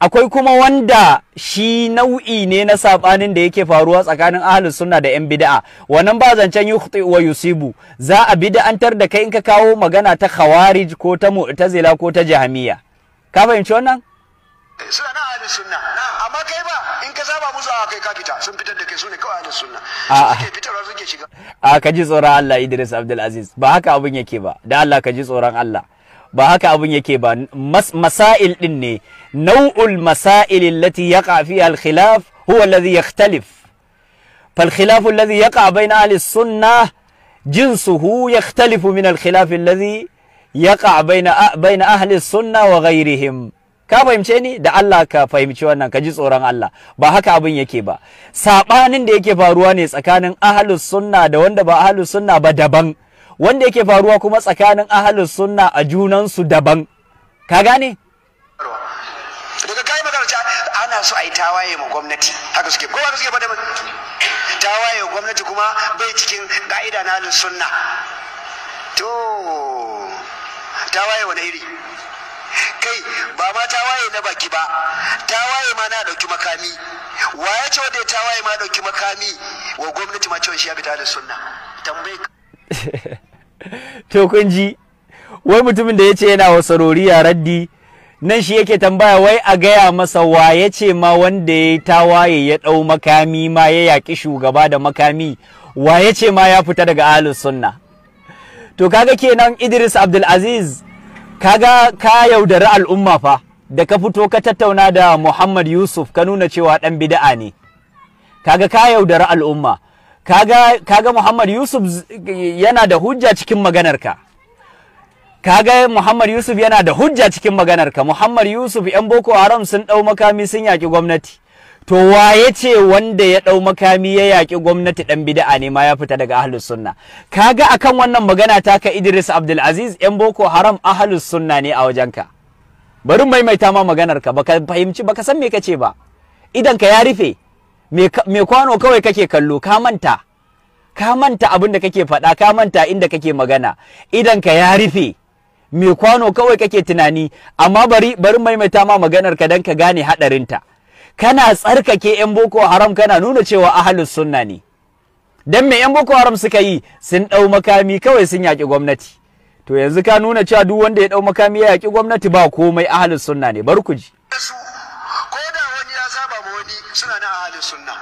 akwai kuma wanda shi nau'i ne na saɓanin da yake faruwa tsakanin ahlus sunna da yan bida'a. wannan ba zancen yukhti wa yusibu za a bid'antar da kai in ka kawo magana ta khawarij ko ta mu'tazila ko ta jahamiya ka fahimci wannan suna ahlus sunna amma kai ba saba musu a kai ka fita sun fitar da kai su ne kawai ahlus sunna suke fitarwa suke shiga a ka ji tsoron Allah Idris Abdul Aziz ba haka abun yake ba da Allah ka ji tsoron Allah ba haka abun yake ba masail din ne nau'ul masail allati yaqa fiha al-khilaf huwa alladhi yakhtalif فالخلاف الذي يقع بين أهل السنة جنسه يختلف من الخلاف الذي يقع بين بين أهل السنة وغيرهم ka fahimce ni da Allah ka fahimci wannan ka ji tsoron Allah ba haka abin yake ba sabanin da yake faruwa ne tsakanin ahlus sunna da wanda ba ahlus sunna ba daban wanda yake faruwa kuma tsakanin ahlus sunna a junan su daban ka gane daga kai magana ana so ai tawaye mu gwamnati haka suke kowa suke ba daban tawaye gwamnati kuma bai cikin ga'ida na ahlus sunna to tawaye wani iri kai ba ma tawaye na baki ba tawaye ma na ɗauki makami waye ce wanda ya tawaye ma ɗauki makami wa gwamnati ma cewa shi ya bi da sunna tambaye to kun ji wai mutumin da ya ce yana wasarori ya raddi nan shi yake tambaya wai a gaya masa wa ya ce ma wanda ya yi tawaye ya ɗau makami ma ya yaƙi shugaba da makami wa ya ce ma ya fita daga ahlus sunna to kaga kenan Idris Abdulaziz kaga ka yaudari al'umma fa da ka fito ka tattauna da Muhammad Yusuf ka nuna cewa ɗan bid'a ne kaga ka yaudari al'umma kaga kaga Muhammad Yusuf yana da hujja cikin maganarka kaga Muhammad Yusuf yana da hujja cikin maganarka Muhammad Yusuf yan Boko Haram sun dau makami sun yaki gwamnati to waye ce wanda ya ɗau makami ya yaƙi gwamnati ɗan bida'a ne ma ya fita daga ahlus sunna kaga akan wannan magana ta ka Idris Abdulaziz yan boko haram ahlus sunna ne a wajenka bari maimaita ma maganar ka baka fahimci baka san me kace ba idan ka ya rufe me kwano kawai kake kallo ka manta ka manta abin da kake faɗa ka manta inda kake magana idan ka ya rufe me kwano kawai kake tunani amma bari bari maimaita ma maganar ka dan ka gane haɗarinta ta kana tsarkake yan boko haram kana nuna cewa ahlus sunna ne dan me yan boko haram suka yi sun ɗau makami kawai sun yaki gwamnati to yanzu ka nuna cewa duk wanda ya dau makami ya yaki gwamnati ba komai ahlus sunna ne bar ku ji ko da wani ya saba ma wani suna na ahlus sunna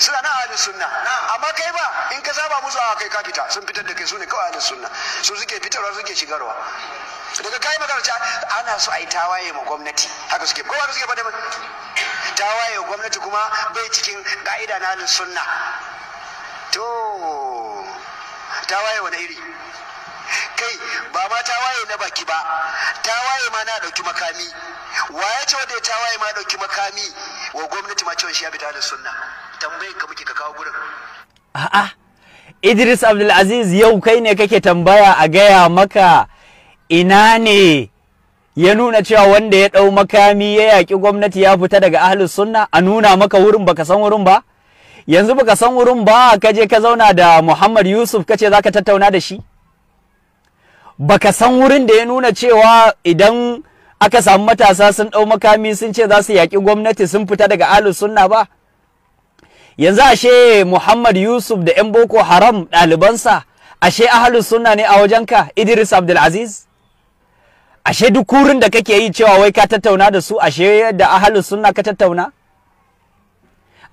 suna na ahlus sunna amma kai ba in ka saba musu a kai ka fita sun fitar da kai su ne kawai ahlus sunna su suke fitarwa suke shigarwa daga kai magana ana so ai tawaye ma gwamnati haka suke kowa haka suke faɗa mai tawaye wa gwamnati kuma bai cikin ka'ida na ahlus sunna to tawaye wani iri kai ba ma ta waye na baki ba ta waye ma na dauki makami waye ce wanda ya ta waye ma dauki makami wa gwamnati ma cewa shi ya bi da sunna tambayin ka muke ka kawo gurin a'a Idris Abdulaziz yau kai ne kake tambaya a gaya maka ina ne ya nuna cewa wanda ya ɗau makami ya yaƙi gwamnati ya fita daga ahlus sunna a nuna maka wurin baka san wurin ba yanzu baka san wurin ba ka je ka zauna da Muhammad Yusuf kace zaka tattauna da shi baka san wurin da ya nuna cewa idan aka samu matasa sun ɗau makami sun ce za su yaƙi gwamnati sun fita daga alu sunna ba yanzu ashe Muhammad Yusuf da 'yan Boko Haram ɗalibansa ashe ahlus sunna ne a wajenka Idris Abdulaziz ashe duk wurin da kake yi cewa wai ka tattauna da su ashe da ahlus sunna ka tattauna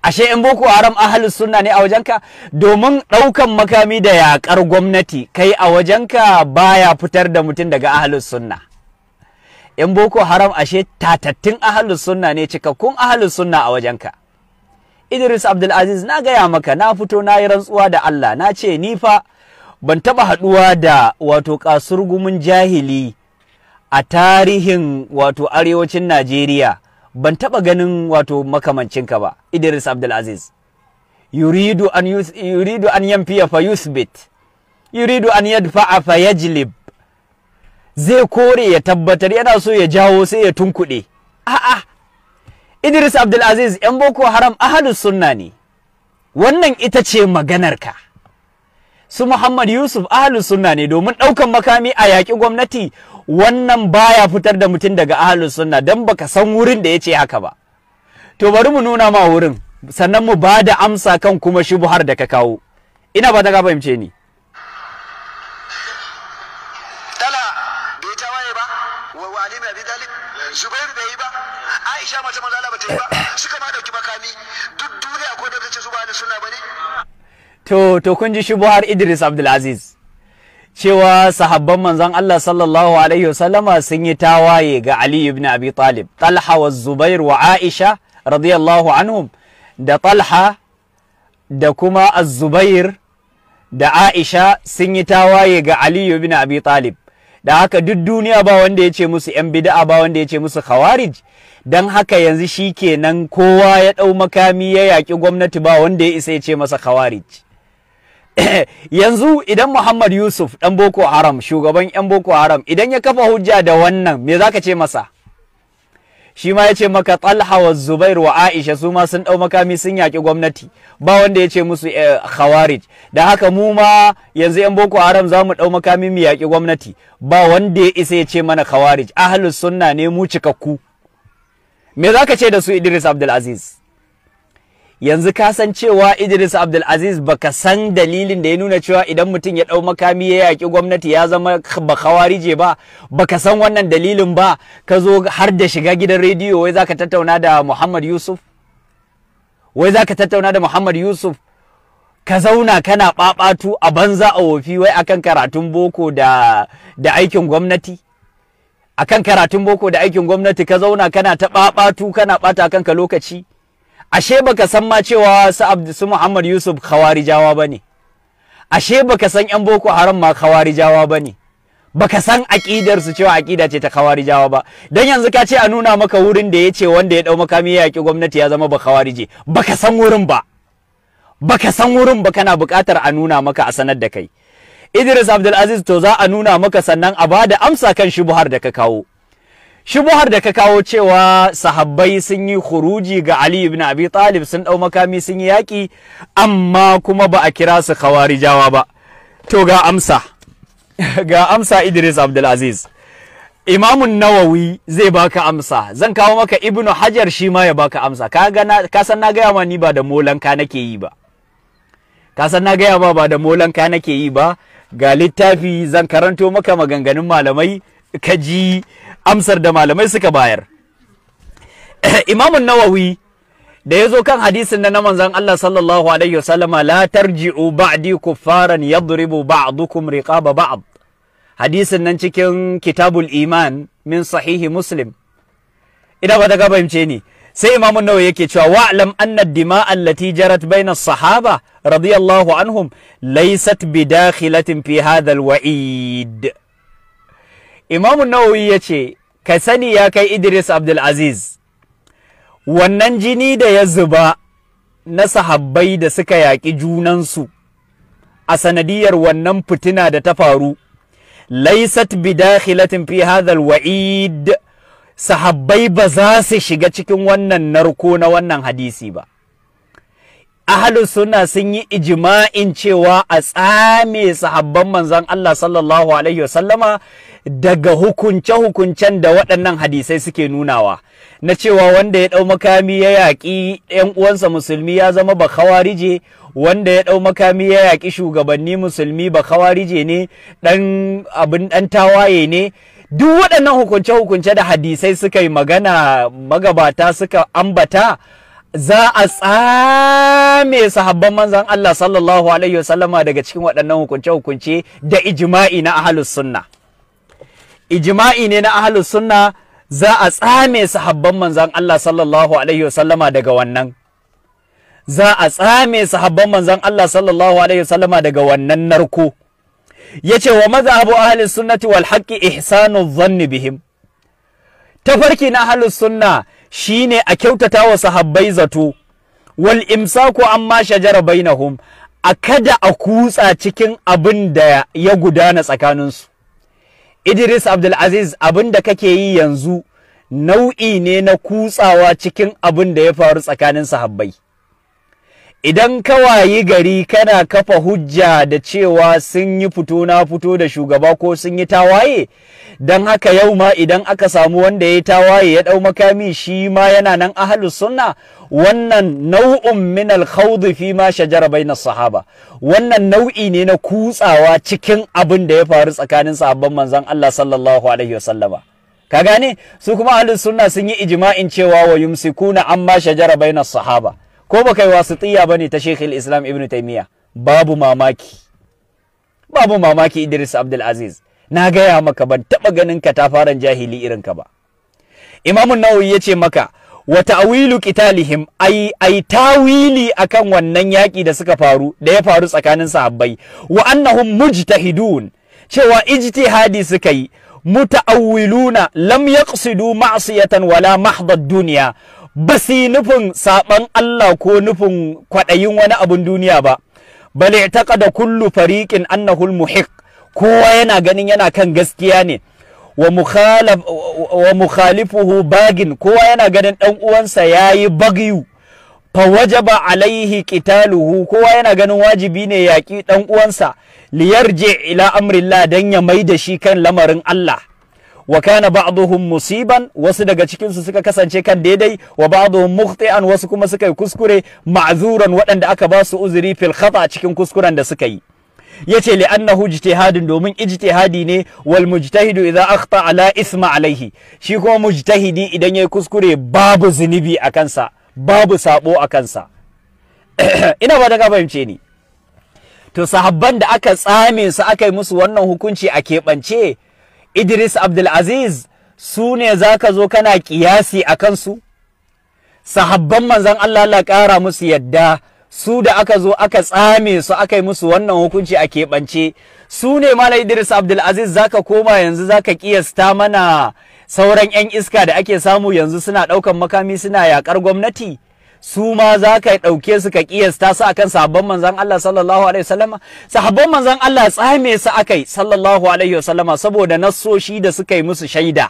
ashe yan boko haram ahalus sunna ne a wajenka domin ɗaukan makami da yaƙar gwamnati kai a wajenka baya fitar da mutum daga ahalus sunna yan boko haram ashe tatattun ahalus sunna ne cikakkun ahalus sunna a wajenka Idris Abdulaziz na gaya maka na fito na yi rantsuwa da Allah na ce ni fa ban taɓa haɗuwa da wato kasurgumin jahili a tarihin wato arewacin Najeriya ban taɓa ganin wato makamancinka ba Idris Abdulaziz yuridu an yus, yuridu an fa yusbit yuridu an yadfa'a fa yajlib zai kore ya tabbatar yana so ya jawo sai ya tunkuɗe a'a Idris Abdulaziz yan boko haram ahlus sunna ne wannan ita ce maganarka su Muhammad Yusuf ahlus sunna ne domin ɗaukan makami a yaƙi gwamnati wannan baya fitar da mutum daga ahlus sunna dan baka san wurin da yace haka ba to bari mu nuna ma wurin sannan mu ba da amsa kan kuma shubuhar da ka kawo ina ba ta ga fahimce ni tala bai ta waye ba wa wali mai bi abidalib zubairu bai yi ba aisha mace manzo Allah ba ta yi ba suka ma dauki makami duk duniya ko da kace su ba ni sunna bane to to kun ji shubuhar Idris Abdulaziz cewa sahabban manzon Allah sallallahu alaihi wasallama sun yi tawaye ga Ali ibn Abi Talib Talha wa Zubair wa Aisha radiyallahu anhum da Talha da kuma Az-Zubair da Aisha sun yi tawaye ga Ali ibn Abi Talib da haka duk duniya ba wanda ya ce musu yan bid'a ba wanda ya ce musu khawarij dan haka yanzu shi shikenan kowa ya dau makami ya yaki gwamnati ba wanda ya isa ya ce masa khawarij yanzu idan Muhammad Yusuf dan Boko Haram shugaban yan Boko Haram idan ya kafa hujja da wannan me zaka ce masa shi ma ya maka Talha wa Zubair wa Aisha su ma sun dau makami sun yaki gwamnati ba wanda yace ce musu eh, khawarij da haka mu ma yanzu yan Boko Haram za mu dau makami mu yaki gwamnati ba wanda ya isa ya ce mana khawarij ahlus sunna ne mu cikakku me zaka ce da su Idris Abdulaziz yanzu ka san cewa Idris Abdulaziz baka san dalilin da ya nuna cewa idan mutum ya dau makami ya yaki gwamnati ya zama ba khawarije ba baka san wannan dalilin ba ka zo har da shiga gidan rediyo wai zaka tattauna da Muhammad Yusuf wai zaka tattauna da Muhammad Yusuf ka zauna kana babatu a banza a wofi wai akan karatun boko da da aikin gwamnati akan karatun boko da aikin gwamnati ka zauna kana ta babatu kana ɓata kanka lokaci ashe baka san ma cewa su abdu muhammad yusuf khawarijawa bane ashe baka san yan boko haram ma khawarijawa bane baka san aqidar su cewa aqida ce ta khawarijawa ba dan yanzu ka ce a nuna maka wurin da yace wanda ya dau makami ya yaki gwamnati ya zama ba khawarije baka san wurin ba baka san wurin ba kana buƙatar a nuna maka a sanar da kai Idris Abdulaziz to za a nuna maka sannan a bada amsa kan shubuhar da ka kawo shubuhar da ka kawo cewa sahabbai sun yi huruji ga Ali ibn Abi Talib sun ɗau makami sun yi yaƙi amma kuma ba a kira su khawarijawa ba to ga amsa ga amsa Idris Abdulaziz Imamun Nawawi zai baka amsa zan kawo maka Ibnu Hajar shi ma ya baka amsa ka ga ka san na gaya ma ni ba da molanka nake yi ba ka san na gaya ma ba da ka nake yi ba ga littafi zan karanto maka maganganun malamai ka ji amsar da malamai suka bayar imamun nawawi da ya zo kan hadisin na manzan Allah sallallahu alaihi wasallama la tarji'u ba'di kuffaran yadribu ba'dukum riqaba ba'd hadisin nan cikin kitabul iman min sahihi muslim ina ba ta fahimce ni sai imamun nawa yake cewa wa'lam anna dima allati jarat baina sahaba radiyallahu anhum laysat bidakhilatin fi hadha alwa'id imam nawawi ya ce ka sani ya kai idris abdulaziz wannan jini da ya zuba na sahabbai da suka yaƙi junansu a sanadiyar wannan fitina da ta faru laisat bidakhilatin fi hadhal wa'id sahabbai ba za su shiga cikin wannan narko na wannan hadisi ba ahalus suna sun yi ijima'in cewa a tsame sahabban manzan Allah sallallahu alaihi wasallama daga hukunce-hukuncen da waɗannan hadisai suke nunawa na cewa wanda ya ɗau makami ya yaƙi ‘yan uwansa musulmi ya zama ba kawarije wanda ya ɗau makami ya yaƙi shugabanni musulmi ba kawarije ne ɗan abin ɗan tawaye ne duk waɗannan hukunce-hukunce da hadisai suka yi magana magabata suka ambata za a tsame sahabban manzan Allah sallallahu alaihi wasallama daga cikin waɗannan hukunce-hukunce da ijma'i na ahlus sunna. ijma'i ne na ahalus sunna za a tsame sahabban manzan Allah sallallahu alaihi wasallama daga wannan za a tsame sahabban manzan Allah sallallahu alaihi wasallama daga wannan narko yace wa mazhabu ahli sunnati wal haqqi ihsanu dhanni bihim tafarki na ahli sunna shine a kyautata wa sahabbai zato wal imsaku amma shajara bainahum a kada a kutsa cikin abin da ya gudana tsakaninsu Idris Abdulaziz abin da kake yi yanzu nau'i ne na kutsawa cikin abin da ya faru tsakanin sahabbai. Idan ka wayi gari kana kafa hujja da cewa sun yi fito na fito da shugaba ko sun yi tawaye, don haka yau ma idan aka samu wanda ya yi tawaye ya ɗau makami shi ma yana nan ahalus sunna wannan nau'un minal al fi ma shajara na sahaba wannan nau'i ne na kutsawa cikin abin da ya faru tsakanin sahabban manzon Allah sallallahu alaihi wasallama ka gane su kuma ahlus sunna sun yi ijima'in cewa wa yumsikuna amma shajara bayna sahaba ko baka yi ba bane ta Sheikh islam Ibn Taymiyyah babu mamaki babu mamaki Idris Abdul Aziz na gaya maka ban taba ganin ka ta katafaren jahili irin ka ba. Imamun Nawawi ya ce maka wa ta'wilu qitalihim ai ai tawili akan wannan yaki da suka faru da ya faru tsakanin sahabbai wa annahum mujtahidun cewa ijtihadi suka yi muta'awwiluna lam yaqsidu ma'siyatan wala mahdad duniya basi nufin saban Allah ko nufin kwadayin wani abun duniya ba bal i'taqada kullu fariqin annahu al-muhiq kowa yana ganin yana kan gaskiya ne wa mukhalifuhu bagin kowa yana ganin dan uwansa yayi bagyu fa wajaba alaihi qitaluhu kowa yana ganin wajibi ne yaki dan uwansa liyarje ila amrillah dan ya mai da shi kan lamarin Allah wa kana ba'dhum musiban wasu daga cikin su suka kasance kan daidai wa ba'dhum mukhti'an wasu kuma suka yi kuskure ma'zuran waɗanda aka ba su uzuri fil khata cikin kuskuren da suka yi yace li annahu ijtihadin domin ijtihadi ne wal mujtahidu idza akhta ala isma alaihi shi kuma mujtahidi idan yayi kuskure babu zunubi a kansa babu sabo a kansa ina ba da ka fahimce ni to sahabban da aka tsame su aka yi musu wannan hukunci a keɓance Idris Abdulaziz su ne za ka zo kana kiyasi a kansu sahabban manzon Allah Allah kara musu yadda su da aka zo aka tsame su aka yi musu wannan hukunci a keɓance su ne malam idris abdulaziz zaka koma yanzu zaka kiyasta mana sauran 'yan iska da ake samu yanzu suna ɗaukan makami suna yaƙar gwamnati su ma za ka ɗauke su ka ƙiyasta su akan sahabban manzan Allah sallallahu alaihi wasallama sahabban manzan Allah tsame su akai sallallahu alaihi wasallama saboda nassoshi da suka yi musu shaida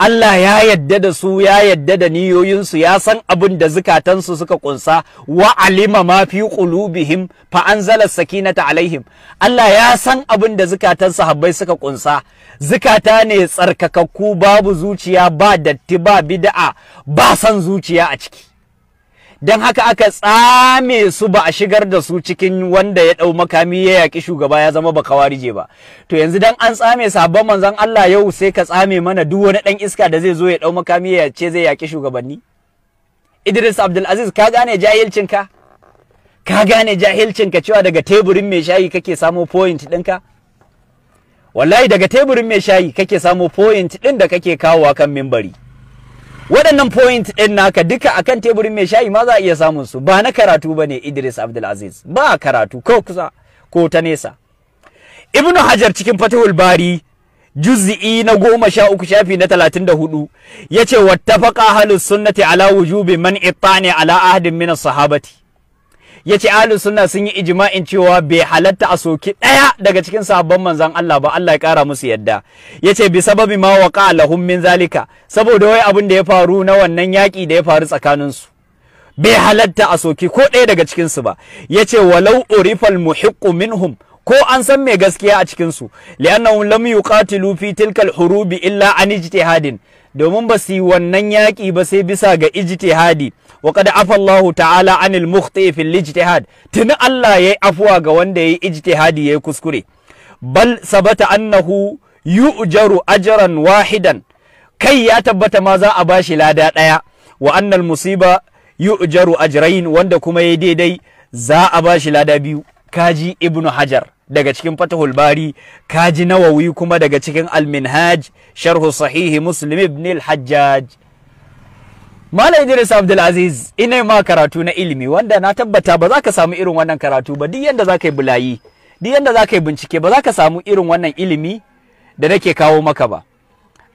Allah ya yadda da su ya yadda da niyoyinsu ya san abin da zukatansu suka kunsa wa alima ma fi qulubihim fa anzala sakinata alaihim Allah ya san abin da zukatansu Habbai suka kunsa zukata ne tsarkakakku babu zuciya ba datti ba bid'a ba san zuciya a ciki don haka aka tsame su ba a shigar da su cikin wanda ya ɗau makami ya yaƙi shugaba ya zama ba kawarije ba to yanzu dan an tsame sabon manzon Allah yau sai ka tsame mana duk wani ɗan iska da zai zo ya ɗau makami ya ce zai yaƙi shugabanni Idris Abdulaziz ka gane jahilcinka ka gane jahilcinka cewa daga teburin mai shayi kake samo point ɗinka wallahi daga teburin mai shayi kake samo point ɗin da kake kawowa kan mimbari waɗannan point ɗin naka duka akan teburin mai shayi ma za a iya samun su ba na karatu ba ne Idris Abdulaziz ba karatu ko kusa ko ta nesa ibnu Hajar cikin Fatihul Bari juz'i na goma sha uku shafi na talatin da hudu ya ce wattafaqa ahlus sunnati ala wujubi man ittani ala ahadin min sahabati ya ce ahlus sunna sun yi ijima'in cewa bai halatta a soki ɗaya daga cikin sabon manzan Allah ba Allah ya ƙara musu yadda ya ce bi sababi ma wa ƙa'ala min zalika saboda wai abin da ya faru na wannan yaƙi da ya faru tsakanin su bai halatta a soki ko ɗaya daga cikin su ba ya ce walau urifal muhiqqu minhum ko an san mai gaskiya a cikinsu li'annahum lam yuqatilu fi tilkal hurubi illa an ijtihadin domin ba su yi wannan yaƙi ba sai bisa ga ijtihadi wa kada afa Allah ta'ala anil mukhti fil ijtihad tuni Allah yayi afwa ga wanda yayi ijtihadi yayi kuskure bal sabata annahu yu'jaru ajran wahidan kai ya tabbata ma za a bashi lada daya wa annal musiba yu'jaru ajrain wanda kuma yayi daidai za a bashi lada biyu kaji ibnu hajar daga cikin fatahul bari kaji nawawi kuma daga cikin al-minhaj sharhu sahihi muslim ibn al-hajjaj Malam Idris Abdul Aziz, ina ma karatu na ilimi wanda na tabbata ba za ka samu irin wannan karatu ba duk yanda za ka yi bulayi duk yanda za ka yi bincike ba za ka samu irin wannan ilimi da nake kawo maka ba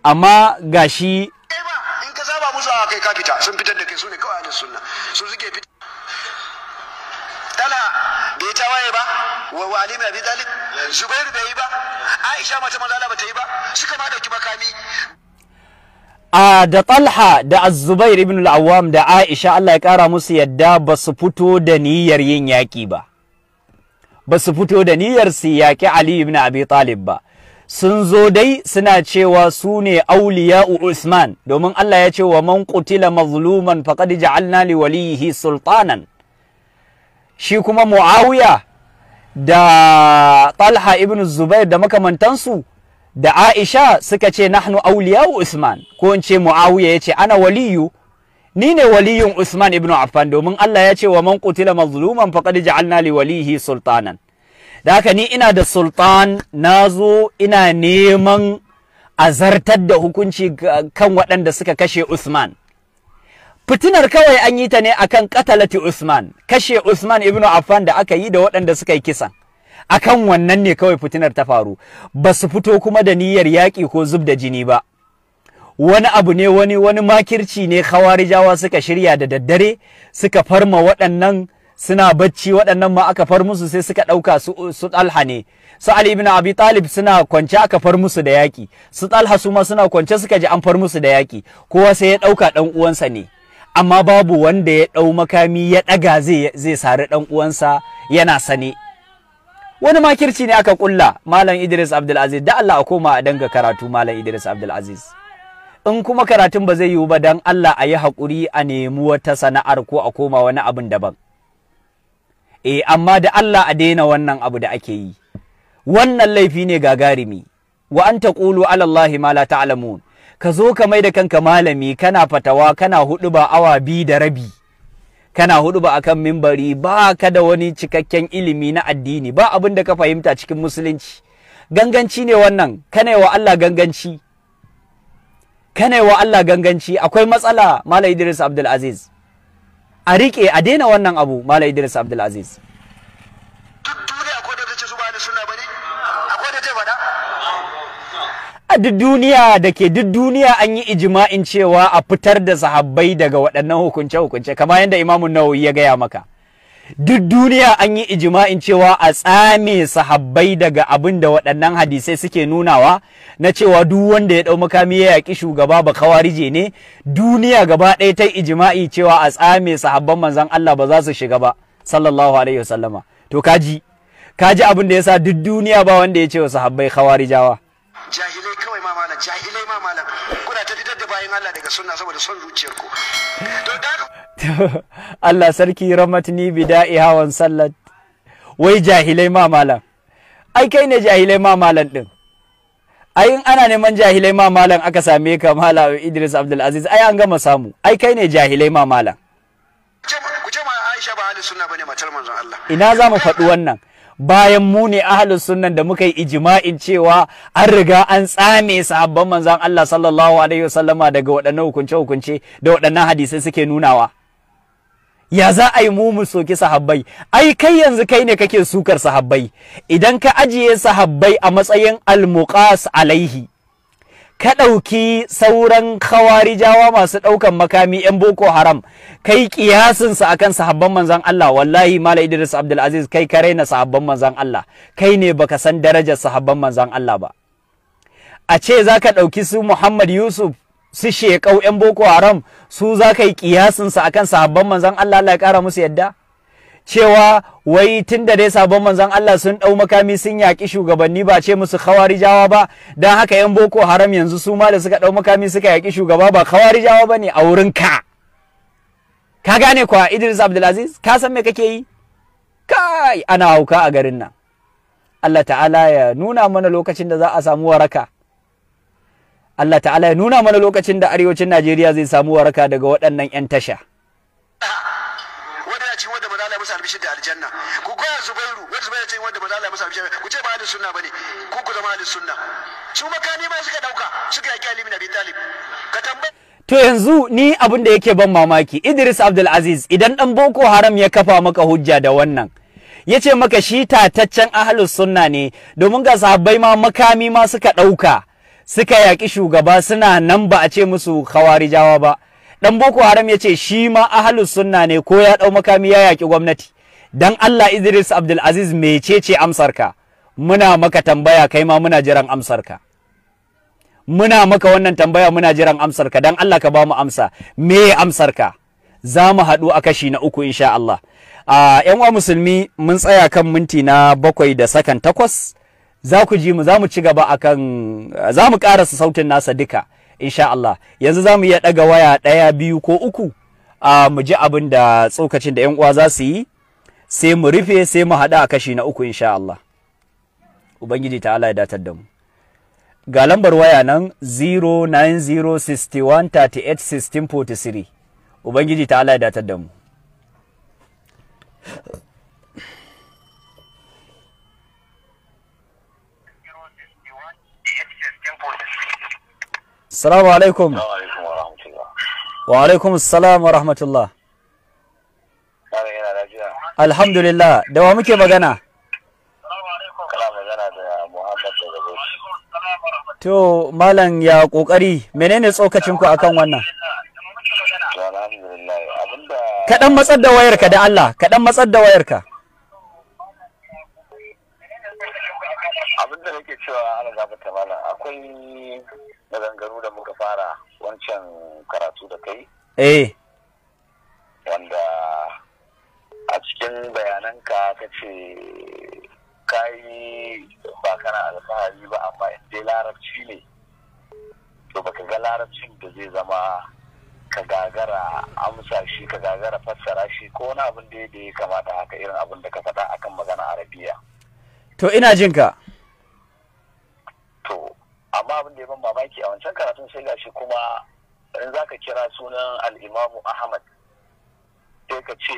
amma gashi eh in ka saba musu a kai ka fita sun fitar da kai su ne kawai da sunna su suke fita tala bai ta waye ba wa wali mai bi dalil zubair bai yi ba aisha mata manzo ba ta yi ba suka ma dauki makami a da talha da azubair ibn al-awwam da aisha Allah ya kara musu yadda ba su fito da niyyar yin yaƙi ba ba su fito da niyyar su yaƙi ali ibn abi talib ba sun zo dai suna cewa su ne u usman domin Allah ya ce wa man qutila mazluman faqad ja'alna li walihi sultanan shi kuma muawiya da talha ibn zubair da makamantansu da Aisha suka ce nahnu auliyau Usman ko in ce Muawiya yace ana waliyu ni ne waliyun Usman ibn Affan domin Allah ya ce wa man qutila mazluman faqad ja'alna li walihi sultanan da haka ni ina da sultan nazo ina neman azartar da hukunci kan waɗanda suka kashe Usman fitinar kawai an yi ta ne akan katalati Usman kashe Usman ibn Affan da aka yi da waɗanda suka yi kisan akan wannan ne kawai fitinar ta faru ba su fito kuma da niyyar yaƙi ko zub da jini ba wani abu ne wani wani makirci ne khawarijawa suka shirya da daddare suka farma waɗannan suna bacci waɗannan ma aka far musu sai suka ɗauka su ɗalha ne su Ali ibn Abi Talib suna kwance aka far musu da yaƙi su ɗalha su ma suna kwance suka ji an far musu da yaƙi kowa sai ya ɗauka ɗan uwansa ne amma babu wanda ya ɗau makami ya ɗaga zai sari ɗan uwansa yana sane wani ma kirci ne aka kulla malam Idris Abdulaziz da Allah a koma a danga karatu malam Idris Abdulaziz in kuma karatun ba zai yiwu ba dan Allah a yi haƙuri a nemi wata sana'ar ko a koma wani abin daban eh amma da Allah a daina wannan abu da ake yi wannan laifi ne gagarimi wa an ta ƙulu alallahi ma la ta'lamun ka zo ka mai da kanka malami kana fatawa kana huɗu ba awa biyu da rabi kana hudu ba akan mimbari ba ka da wani cikakken ilimi na addini ba abin da ka fahimta cikin musulunci ganganci ne wannan kana wa Allah ganganci kana wa Allah ganganci akwai matsala Malam Idris Abdul Aziz a rike a daina wannan abu Malam Idris Abdul Aziz a duk duniya da ke duk duniya an yi ijima'in cewa a fitar da sahabbai daga waɗannan hukunce-hukunce kamar yadda imamun nawawi ya gaya maka duk duniya an yi ijima'in cewa a tsame sahabbai daga abin da waɗannan hadisai suke nunawa na cewa duk wanda ya ɗau makami ya yaƙi shugaba ba kawarije ne duniya gaba ɗaya ta ijima'i cewa a tsame sahabban manzan Allah ba za su shiga ba sallallahu alaihi wasallama to kaji kaji abin da yasa duk duniya ba wanda ya ce wa sahabbai kawarijawa jahilai kawai ma malam jahilai ma malam kuna ta fitar da bayan Allah daga sunna saboda son zuciyar ku to da Allah sarki rahmatni bida'i hawan sallat wai jahilai ma malam ai kai ne jahilai ma malam din ai in ana neman jahilai ma malam aka same ka malam Idris Abdul Aziz ai an gama samu ai kai ne jahilai ma malam ku ce ma Aisha ba sunna bane matar manzon Allah ina za mu faɗi wannan bayan mu ne ahalin sunnan da muka yi ijma'in cewa an riga an tsame sahabban manzan. Allah sallallahu alaihi wasallama daga waɗannan hukunce hukunce da waɗannan hadisai suke nunawa ya za a yi mu mu soki sahabbai ai kai yanzu kai ne kake sukar sahabbai idan ka ajiye sahabbai a matsayin almuqas alaihi ka ɗauki sauran kawarijawa masu ɗaukan makami 'yan boko haram kai kiyasinsa akan sahabban manzan Allah wallahi mala idris abdulaziz kai ka raina sahabban manzan Allah kai ne baka san darajar sahabban manzan Allah ba a ce za ka ɗauki su muhammad yusuf su shekau 'yan boko haram su za ka yi kiyasinsa akan sahabban manzan Allah Allah ya ƙara musu yadda cewa wai tun da dai sabon manzon Allah sun ɗau makami sun yaƙi shugabanni ba ce musu khawarijawa ba don haka yan boko haram yanzu su ma da suka ɗau makami suka yaƙi shugaba ba khawarijawa ba ne a wurin ka ka gane kwa Idris Abdulaziz ka san me kake yi kai ana hauka a garin nan Allah ta'ala ya nuna mana lokacin da za a samu waraka Allah ta'ala ya nuna mana lokacin da arewacin Najeriya zai samu waraka daga waɗannan 'yan tasha. masa albishir da aljanna ku goya zubairu wanda zubairu ce wanda manzo Allah ya masa albishir ku ce ba ahlus sunna bane ku ku zama ahlus sunna su makani ma suka dauka suka yaki Ali bin Abi Talib ka tambaye To yanzu ni abin da yake ban mamaki Idris Abdul Aziz idan dan Boko Haram ya kafa maka hujja da wannan ya ce maka shi tataccen ahlus sunna ne domin ga sahabbai ma makami ma suka dauka suka yaki shugaba suna nan ba a ce musu khawarijawa ba dan boko haram ya ce shi ma ahalus sunna ne ko ya dau makami ya yaki gwamnati dan Allah Idris Abdul Aziz mecece amsarka muna maka tambaya kai ma muna jiran amsarka muna maka wannan tambaya muna jiran amsarka dan Allah ka ba mu amsa me amsarka za mu haɗu a kashi na uku insha Allah a yan uwa musulmi mun tsaya kan minti na bakwai da sakan takwas za ku ji mu za mu ci gaba akan za mu karasa sautin nasa duka insha Allah yanzu zamu iya ɗaga waya ɗaya biyu ko uku a mu ji abin da tsokacin da 'yan uwa za su yi sai mu rufe sai mu haɗa a kashi na uku insha Allah ubangiji ta Allah ya datar da mu ga lambar waya nan 09061381643 ubangiji ta Allah ya datar da mu Salamu alaikum. Wa alaikum salam wa Alhamdulillah, da wa muke magana? To, Malam ya ƙoƙari, menene tsokacinku akan wannan? Kaɗan matsar da wayarka da Allah, kaɗan matsar da wayarka. Abinda nake cewa ana gabata akwai maganganu da muka fara wancan karatu da kai eh wanda a cikin bayananka ka ce kayi ba kana alfahari ba amma in dai larabci ne to baka ga larabcin da zai zama ka gagara amsa shi ka gagara fassara shi ko wani abin da ya kamata haka irin abin da ka faɗa akan magana arabiya to ina jinka. amma abin da ya ban mamaki a wancan karatun sai gashi kuma in za ka kira sunan al'imamu ahmad sai ka ce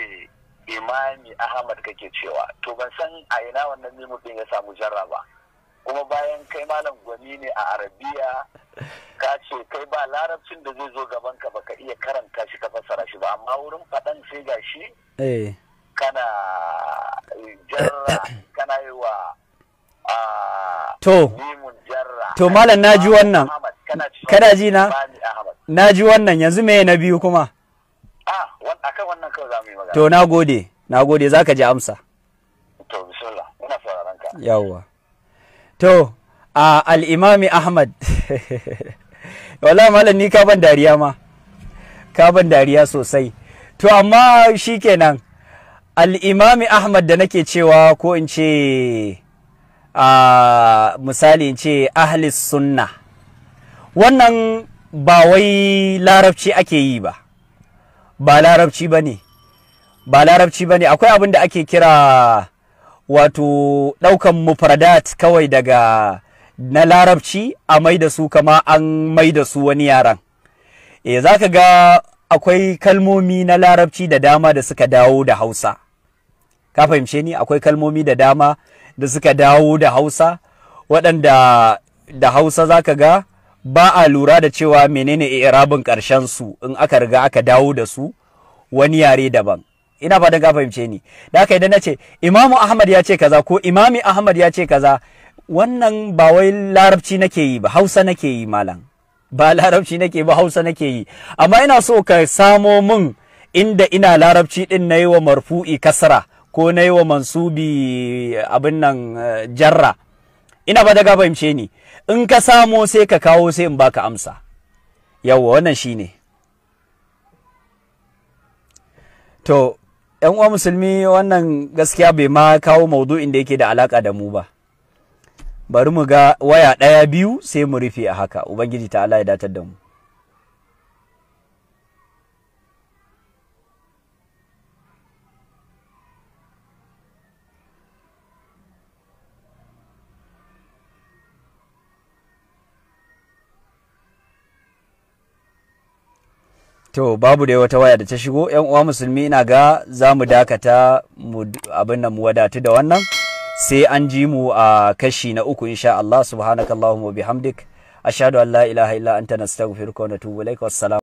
imami ahmad kake cewa to ban san a ina wannan mimu ya samu jarra ba kuma bayan kai malam gwani ne a arabiya ka ce kai ba larabcin da zai zo gaban ka baka iya karanta shi ka fassara shi ba amma wurin faɗan sai gashi eh. kana jarra kana yi wa to to malam na ji wannan kana ji na na ji wannan yanzu me na biyu kuma ah, akan wannan kawai za mu yi magana to na gode na gode za ka ji amsa to bismillah ina sauraron ka yawwa to a al-imami ahmad wallahi malam ni ka ban dariya ma ka ban dariya sosai to amma shikenan al-imami ahmad da nake cewa ko in ce a misali ce ahlis sunna wannan ba wai larabci ake yi ba ba larabci ba ba larabci ba akwai abin da ake kira wato ɗaukan mufradat kawai daga na larabci a mai da su kama an mai da su wani yaran e za ka ga akwai kalmomi na larabci da dama da suka dawo da hausa ka fahimce ni akwai kalmomi da dama da suka dawo da hausa waɗanda da hausa za ka ga ba a lura da cewa menene irabin ƙarshen su in aka riga aka dawo da su wani yare daban ina fatan ka fahimce ni da haka idan na ce imamu ahmad ya ce kaza ko imami ahmad ya ce kaza wannan ba wai larabci nake yi ba hausa nake yi malam ba larabci nake ba hausa nake yi amma ina so ka samo mun inda ina larabci din na yi wa marfu'i kasra ko na yi wa mansubi eh, abin nan eh, jarra ina ba daga fahimce ni in ka samo sai ka kawo sai in baka amsa yawwa wannan shi ne. to yan uwa musulmi wannan gaskiya bai ma kawo maudu'in da yake da alaka da mu ba bari mu ga waya ɗaya biyu sai mu rufe a haka ubangiji ta ala ya datar da mu To babu dai wata waya da ta shigo ‘yan uwa musulmi ina ga za mu dakata abin da mu wadatu da wannan sai an ji mu a kashi na uku insha Allah subhanakallahumma bihamdik ashhadu an la ilaha illa anta nastaghfiruka wa natubu